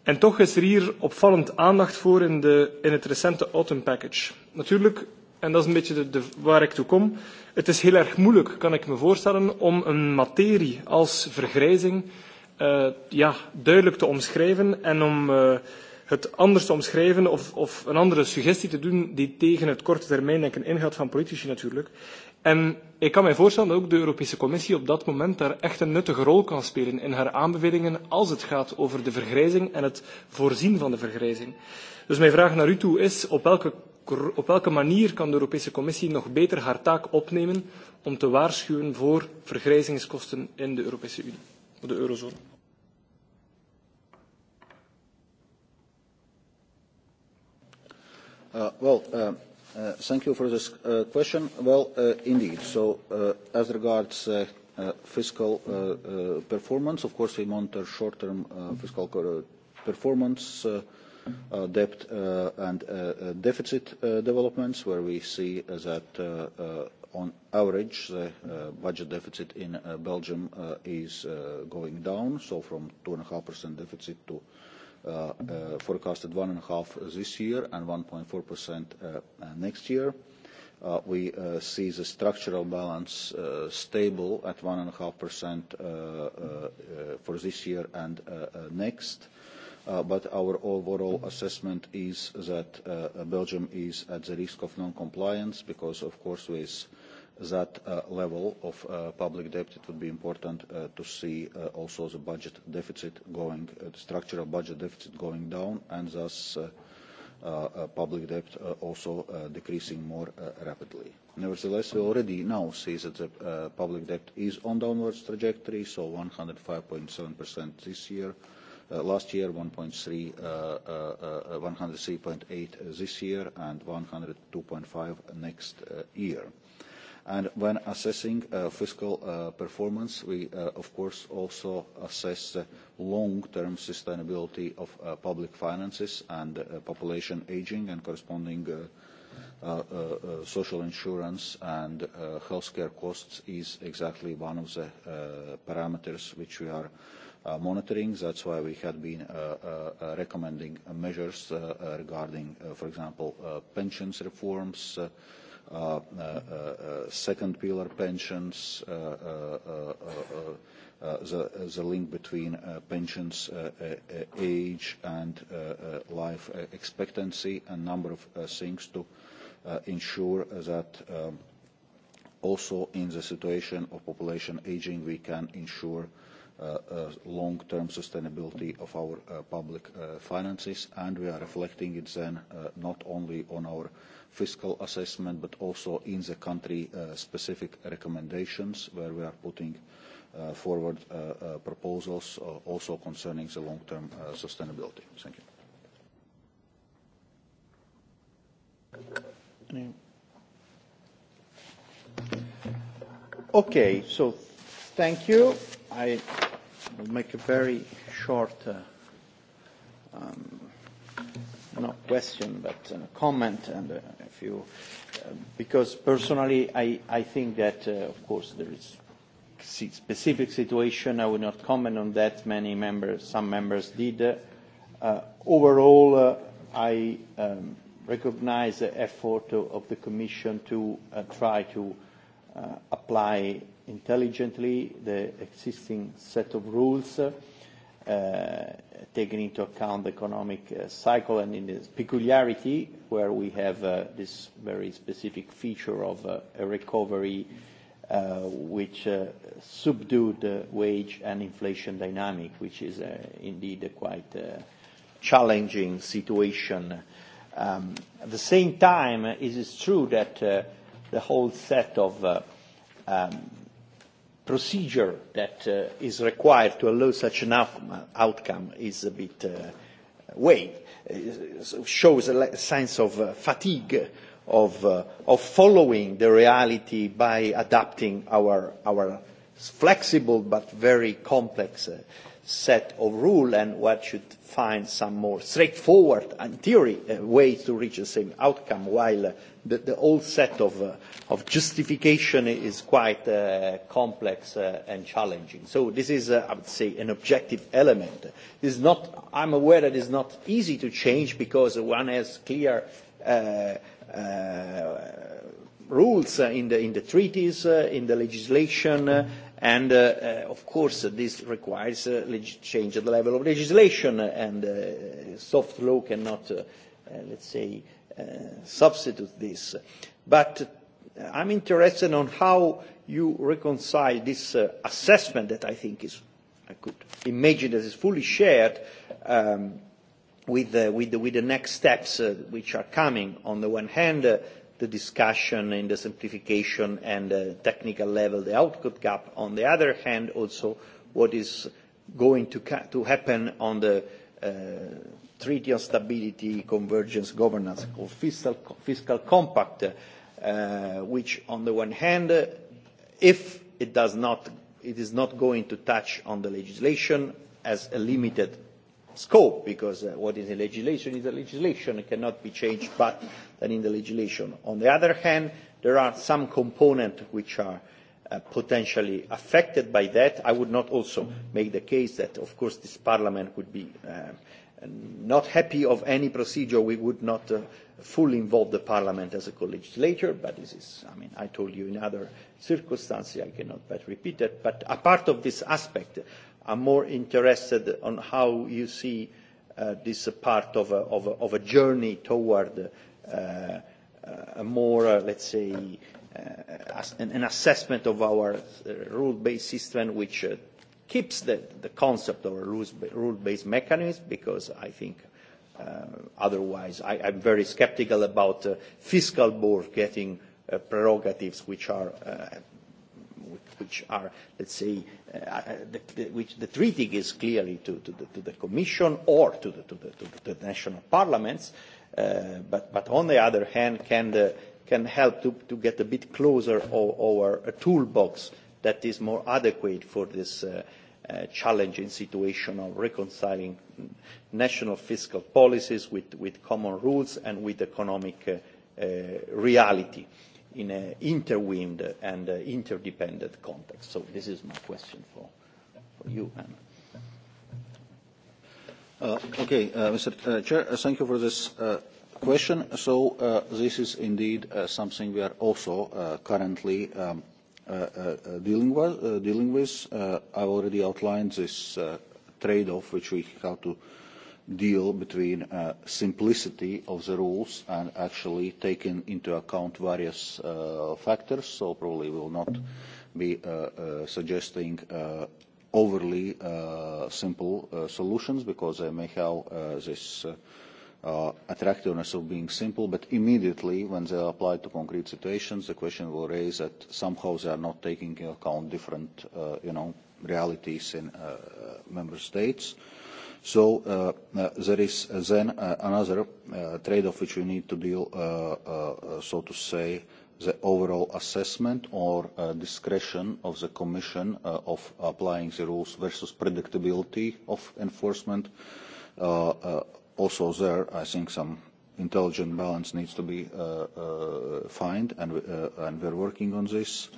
En toch is er hier opvallend aandacht voor in, de, in het recente Autumn Package. Natuurlijk, en dat is een beetje de, de, waar ik toe kom, het is heel erg moeilijk, kan ik me voorstellen, om een materie als vergrijzing uh, ja, duidelijk te omschrijven en om uh, het anders te omschrijven of, of een andere suggestie te doen die tegen het korte termijn denken ingaat van politici natuurlijk. En ik kan mij voorstellen dat ook de Europese Commissie op dat moment daar echt een nuttige rol kan spelen in haar aanbevelingen als het gaat over de vergrijzing en het voorzien van de vergrijzing. Dus mijn vraag naar u toe is, op welke, op welke manier kan de Europese Commissie nog beter haar taak opnemen om te waarschuwen voor vergrijzingskosten in de Europese Unie, of de eurozone? Uh, well, uh, Uh, thank you for this uh, question. Well, uh, indeed. So uh, as regards uh, uh, fiscal uh, uh, performance, of course, we monitor short-term uh, fiscal uh, performance, uh, uh, debt uh, and uh, uh deficit uh, developments, where we see uh, that uh, uh, on average, the uh, budget deficit in uh, Belgium uh, is uh, going down, so from 2.5% deficit to Uh, uh, forecasted 1.5% this year and 1.4% uh, uh, next year. we uh, see the structural balance uh, stable at 1.5% for this year and uh, next. but our overall assessment is that uh, Belgium is at the risk of non-compliance because, of course, with that uh, level of uh, public debt, it would be important uh, to see uh, also the budget deficit going, uh, the structural budget deficit going down, and thus uh, uh, uh public debt uh, also uh, decreasing more uh, rapidly. Nevertheless, we already now see that the uh, public debt is on downwards trajectory, so 105.7% this year, uh, last year 1.3, uh, uh, uh, 103.8 this year, and 102.5 next uh, year. And when assessing uh, fiscal uh, performance, we uh, of course also assess the long-term sustainability of uh, public finances and uh, population aging and corresponding uh, uh, Uh, uh, social insurance and uh, healthcare costs is exactly one of the uh, parameters which we are uh, monitoring. That's why we had been uh, uh, recommending measures uh, regarding, uh, for example, uh, pensions reforms, uh, Uh, uh, uh, second pillar pensions, the, link between pensions age and life expectancy, a number of things to ensure that um, also in the situation of population aging we can ensure uh, uh, uh, long-term sustainability of our uh, public uh, finances, and we are reflecting it then uh, not only on our fiscal assessment, but also in the country-specific uh, recommendations, where we are putting uh, forward uh, uh, proposals uh, also concerning the long-term uh, sustainability. Thank you. Okay, so thank you. I I'll make a very short uh, um, not question but uh, comment and uh, if you uh, because personally I, I think that uh, of course there is specific situation I will not comment on that many members some members did uh, overall uh, I um, recognize the effort of the Commission to uh, try to uh, apply intelligently the existing set of rules, uh, taking into account the economic uh, cycle and in its peculiarity, where we have uh, this very specific feature of uh, a recovery uh, which uh, subdued the wage and inflation dynamic, which is uh, indeed a quite uh, challenging situation. Um, at the same time, it is true that uh, the whole set of uh, um, procedure that uh, is required to allow such an outcome is a bit uh, vague. It shows a sense of uh, fatigue of, uh, of following the reality by adapting our, our flexible but very complex uh, set of rules and one should find some more straightforward, and theory, uh, way to reach the same outcome, while uh, the, the whole set of, uh, of justification is quite uh, complex uh, and challenging. So this is, uh, I would say, an objective element. This is not, I'm aware that it's not easy to change because one has clear uh, uh, rules in the, in the treaties, uh, in the legislation, uh, And uh, uh, of course, uh, this requires uh, change at the level of legislation, uh, and uh, soft law cannot, uh, uh, let's say, uh, substitute this. But uh, I'm interested on how you reconcile this uh, assessment that I think is, I could imagine that is fully shared um, with, uh, with, the, with the next steps uh, which are coming. On the one hand, uh, the discussion in the simplification and the technical level, the output gap. On the other hand, also what is going to, to happen on the uh, Treaty on Stability, Convergence, Governance, or Fiscal, fiscal Compact, uh, which on the one hand, uh, if it does not, it is not going to touch on the legislation as a limited scope because uh, what is the legislation is the legislation it cannot be changed but than in the legislation. On the other hand, there are some components which are uh, potentially affected by that. I would not also make the case that, of course, this parliament would be uh, not happy of any procedure. We would not uh, fully involve the parliament as a co-legislator, but this is, I mean, I told you in other circumstances, I cannot but repeat that. But apart of this aspect, I'm more interested on how you see uh, this part of a, of a, of a journey toward uh, uh a more, uh, let's say, uh, an, an assessment of our uh, rule-based system which uh, keeps the, the concept of a rule-based mechanism because I think uh, otherwise I, I'm very skeptical about uh, fiscal board getting uh, prerogatives which are uh, which are, let's say, uh, uh, the, the, which the treaty gives clearly to, to, the, to the Commission or to the, to the, to the national parliaments, uh, but, but on the other hand can, the, can help to, to get a bit closer our, our uh, toolbox that is more adequate for this uh, uh, challenging situation of reconciling national fiscal policies with, with common rules and with economic uh, uh, reality. Uh, in an interwined and uh, interdependent context. So this is my question for, for you, Anna. Uh, okay, uh, Mr. Uh, Chair, uh, thank you for this uh, question. So uh, this is indeed uh, something we are also uh, currently um, uh, uh, uh dealing with. Uh, dealing with. Uh, I already outlined this uh, trade-off which we have to uh, deal between uh, simplicity of the rules and actually taking into account various uh, factors, so probably we will not be uh, uh, suggesting uh, overly uh, simple uh, solutions because they may have uh, this uh, uh, attractiveness of being simple, but immediately when they are applied to concrete situations, the question will raise that somehow they are not taking into account different uh, you know, realities in uh, member states. Uh, So uh, uh, there is uh, then uh, another uh, trade-off which we need to deal, uh, uh, so to say, the overall assessment or uh, discretion of the Commission uh, of applying the rules versus predictability of enforcement. Uh, uh, also there, I think some intelligent balance needs to be uh, uh, found, and, uh, and we're working on this.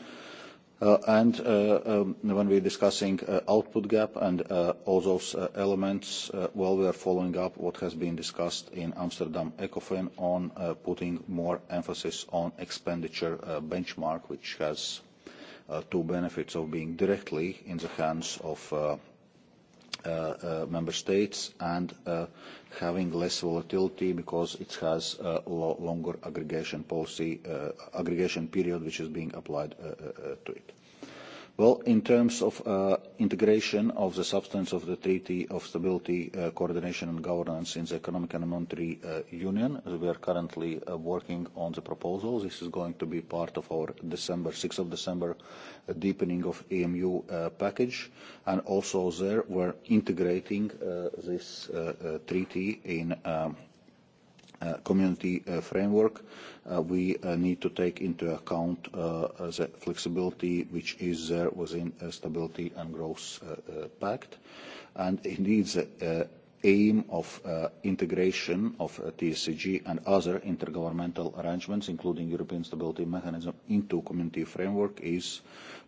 Uh, and uh, um, when we're discussing uh, output gap and uh, all those uh, elements, uh, well, we are following up what has been discussed in Amsterdam ECOFIN on uh, putting more emphasis on expenditure uh, benchmark, which has uh, two benefits of being directly in the hands of uh, Uh, uh, member states and uh, having less volatility because it has a longer aggregation policy, aggregation period which is being applied to it. Well, in terms of uh, integration of the substance of the Treaty of Stability, uh, Coordination and Governance in the Economic and Monetary uh, Union, we are currently uh, working on the proposal. This is going to be part of our December, 6th of December, uh, deepening of EMU uh, package. And also there we're integrating uh, this uh, uh, treaty in um, Uh, community uh, framework, uh, we uh, need to take into account uh, uh the flexibility which is there within a uh, stability and growth uh, uh, pact. And indeed, the uh, aim of uh, integration of uh, TSCG and other intergovernmental arrangements, including European Stability Mechanism, into community framework is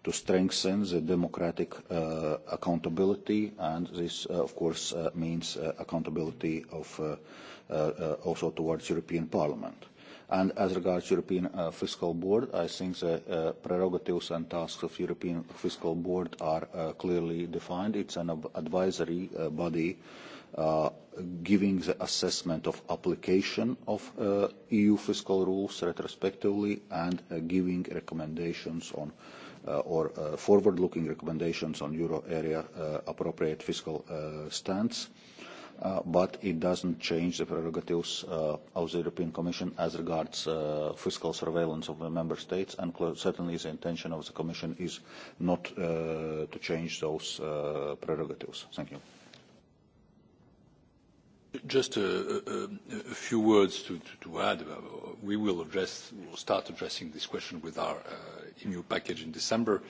to strengthen the democratic uh, accountability, and this, uh, of course, uh, means uh, accountability of uh, uh, uh, also towards European Parliament. And as regards European uh, Fiscal Board, I think the uh, prerogatives and tasks of European Fiscal Board are uh, clearly defined. It's an advisory uh, body uh, giving the assessment of application of uh, EU fiscal rules retrospectively and uh, giving recommendations on uh, or uh, forward-looking recommendations on euro area uh, appropriate fiscal uh, stance uh, but it doesn't change the prerogatives uh, of the European Commission as regards uh, fiscal surveillance of the member states, and certainly the intention of the Commission is not uh, to change those uh, prerogatives. Thank you. Just a, a, a few words to, to, to add. We will address, we'll start addressing this question with our uh, EMU package in December.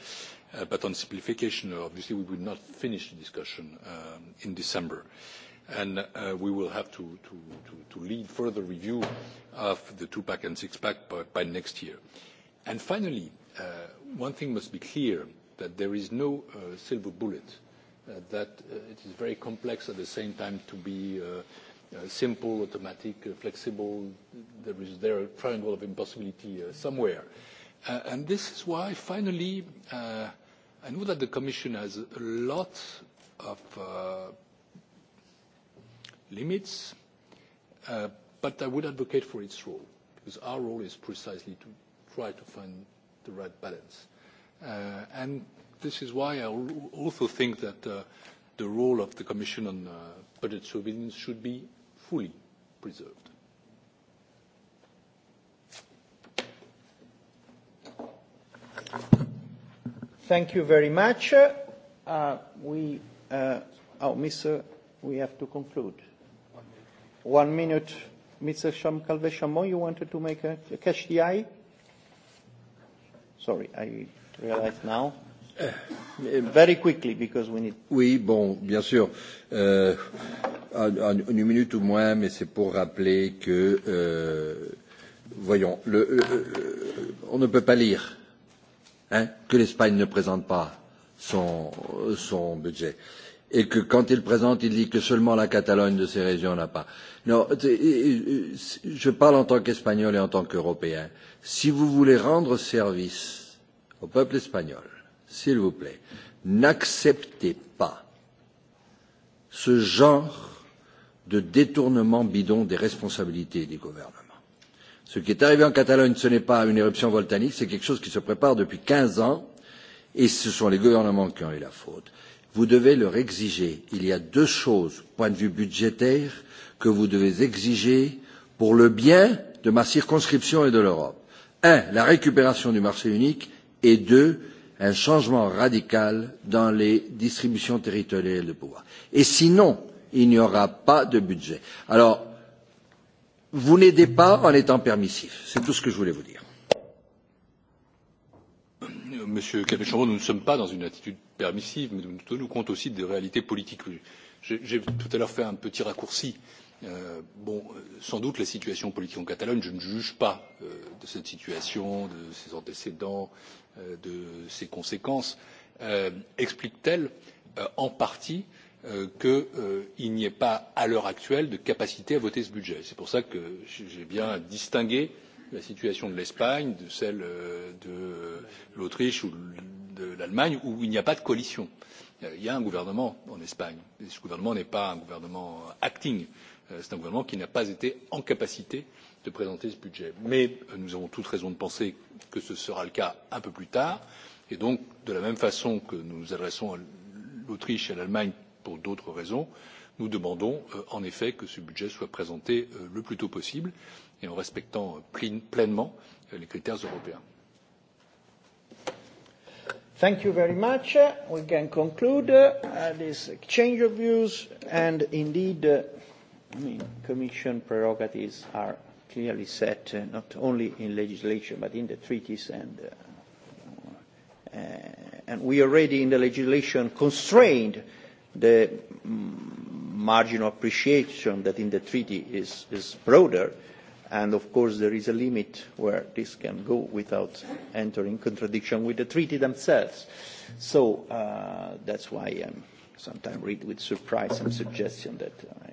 Uh, but on simplification, obviously, we will not finish the discussion um, in December. Uh, and uh, we will have to, to, to, to lead further review of the two-pack and six-pack by, next year. And finally, uh, one thing must be clear, that there is no uh, silver bullet, uh, that uh, it is very complex at the same time to be uh, uh, simple, automatic, uh, flexible. There is there a triangle of impossibility uh, somewhere. Uh, and this is why, finally, uh, I know that the Commission has a lot of uh, limits, uh, but I would advocate for its role, because our role is precisely to try to find the right balance. Uh, and this is why I also think that uh, the role of the Commission on uh, Budget Surveillance should be fully preserved. Thank you very much. Uh, we, uh, oh, Mr. We have to conclude. One minute, Mr. Sham Kalveshamo, you wanted to make a, a cash DI? Sorry, I realize now. Eh. Very quickly, because we need... Oui, bon, bien sûr. Euh, en, en une minute ou moins, mais c'est pour rappeler que, euh, voyons, le, le, euh, euh, on ne peut pas lire hein, que l'Espagne ne présente pas son, son budget. Euh, et que quand il présente, il dit que seulement la Catalogne de ces régions n'a pas. Non, je parle en tant qu'Espagnol et en tant qu'Européen. Si vous voulez rendre service au peuple espagnol, s'il vous plaît, n'acceptez pas ce genre de détournement bidon des responsabilités du gouvernement. Ce qui est arrivé en Catalogne, ce n'est pas une éruption volcanique, c'est quelque chose qui se prépare depuis 15 ans, et ce sont les gouvernements qui ont eu la faute vous devez leur exiger. Il y a deux choses, point de vue budgétaire, que vous devez exiger pour le bien de ma circonscription et de l'Europe. Un, la récupération du marché unique et deux, un changement radical dans les distributions territoriales de pouvoir. Et sinon, il n'y aura pas de budget. Alors, vous n'aidez pas en étant permissif. C'est tout ce que je voulais vous dire. Monsieur Cabechero, nous ne sommes pas dans une attitude permissive, mais nous tenons compte aussi des réalités politiques. J'ai tout à l'heure fait un petit raccourci. Euh, bon, sans doute la situation politique en Catalogne, je ne juge pas euh, de cette situation, de ses antécédents, euh, de ses conséquences. Euh, Explique-t-elle euh, en partie euh, qu'il euh, n'y ait pas à l'heure actuelle de capacité à voter ce budget C'est pour ça que j'ai bien distingué euh, la situation de l'Espagne, de celle euh, de l'Autriche ou de l'Allemagne, où il n'y a pas de coalition. Euh, il y a un gouvernement en Espagne. Et ce gouvernement n'est pas un gouvernement acting. Euh, c'est un gouvernement qui n'a pas été en capacité de présenter ce budget. Mais nous avons toute raison de penser que ce sera le cas un peu plus tard. Et donc, de la même façon que nous nous adressons à l'Autriche et à l'Allemagne pour d'autres raisons, nous demandons en effet que ce budget soit présenté le plus tôt possible et en respectant pleinement euh, les critères européens. Thank you very much. We can conclude uh, this exchange of views and indeed uh, I mean, Commission prerogatives are clearly set uh, not only in legislation but in the treaties and uh, uh, and we already in the legislation constrained the um, margin of appreciation that in the treaty is, is broader And of course, there is a limit where this can go without entering contradiction with the treaty themselves. So uh, that's why I sometimes read with surprise and suggestion that I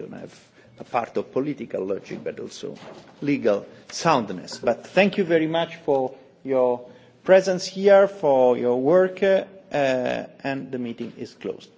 don't have a part of political logic, but also legal soundness. But thank you very much for your presence here, for your work, uh, and the meeting is closed.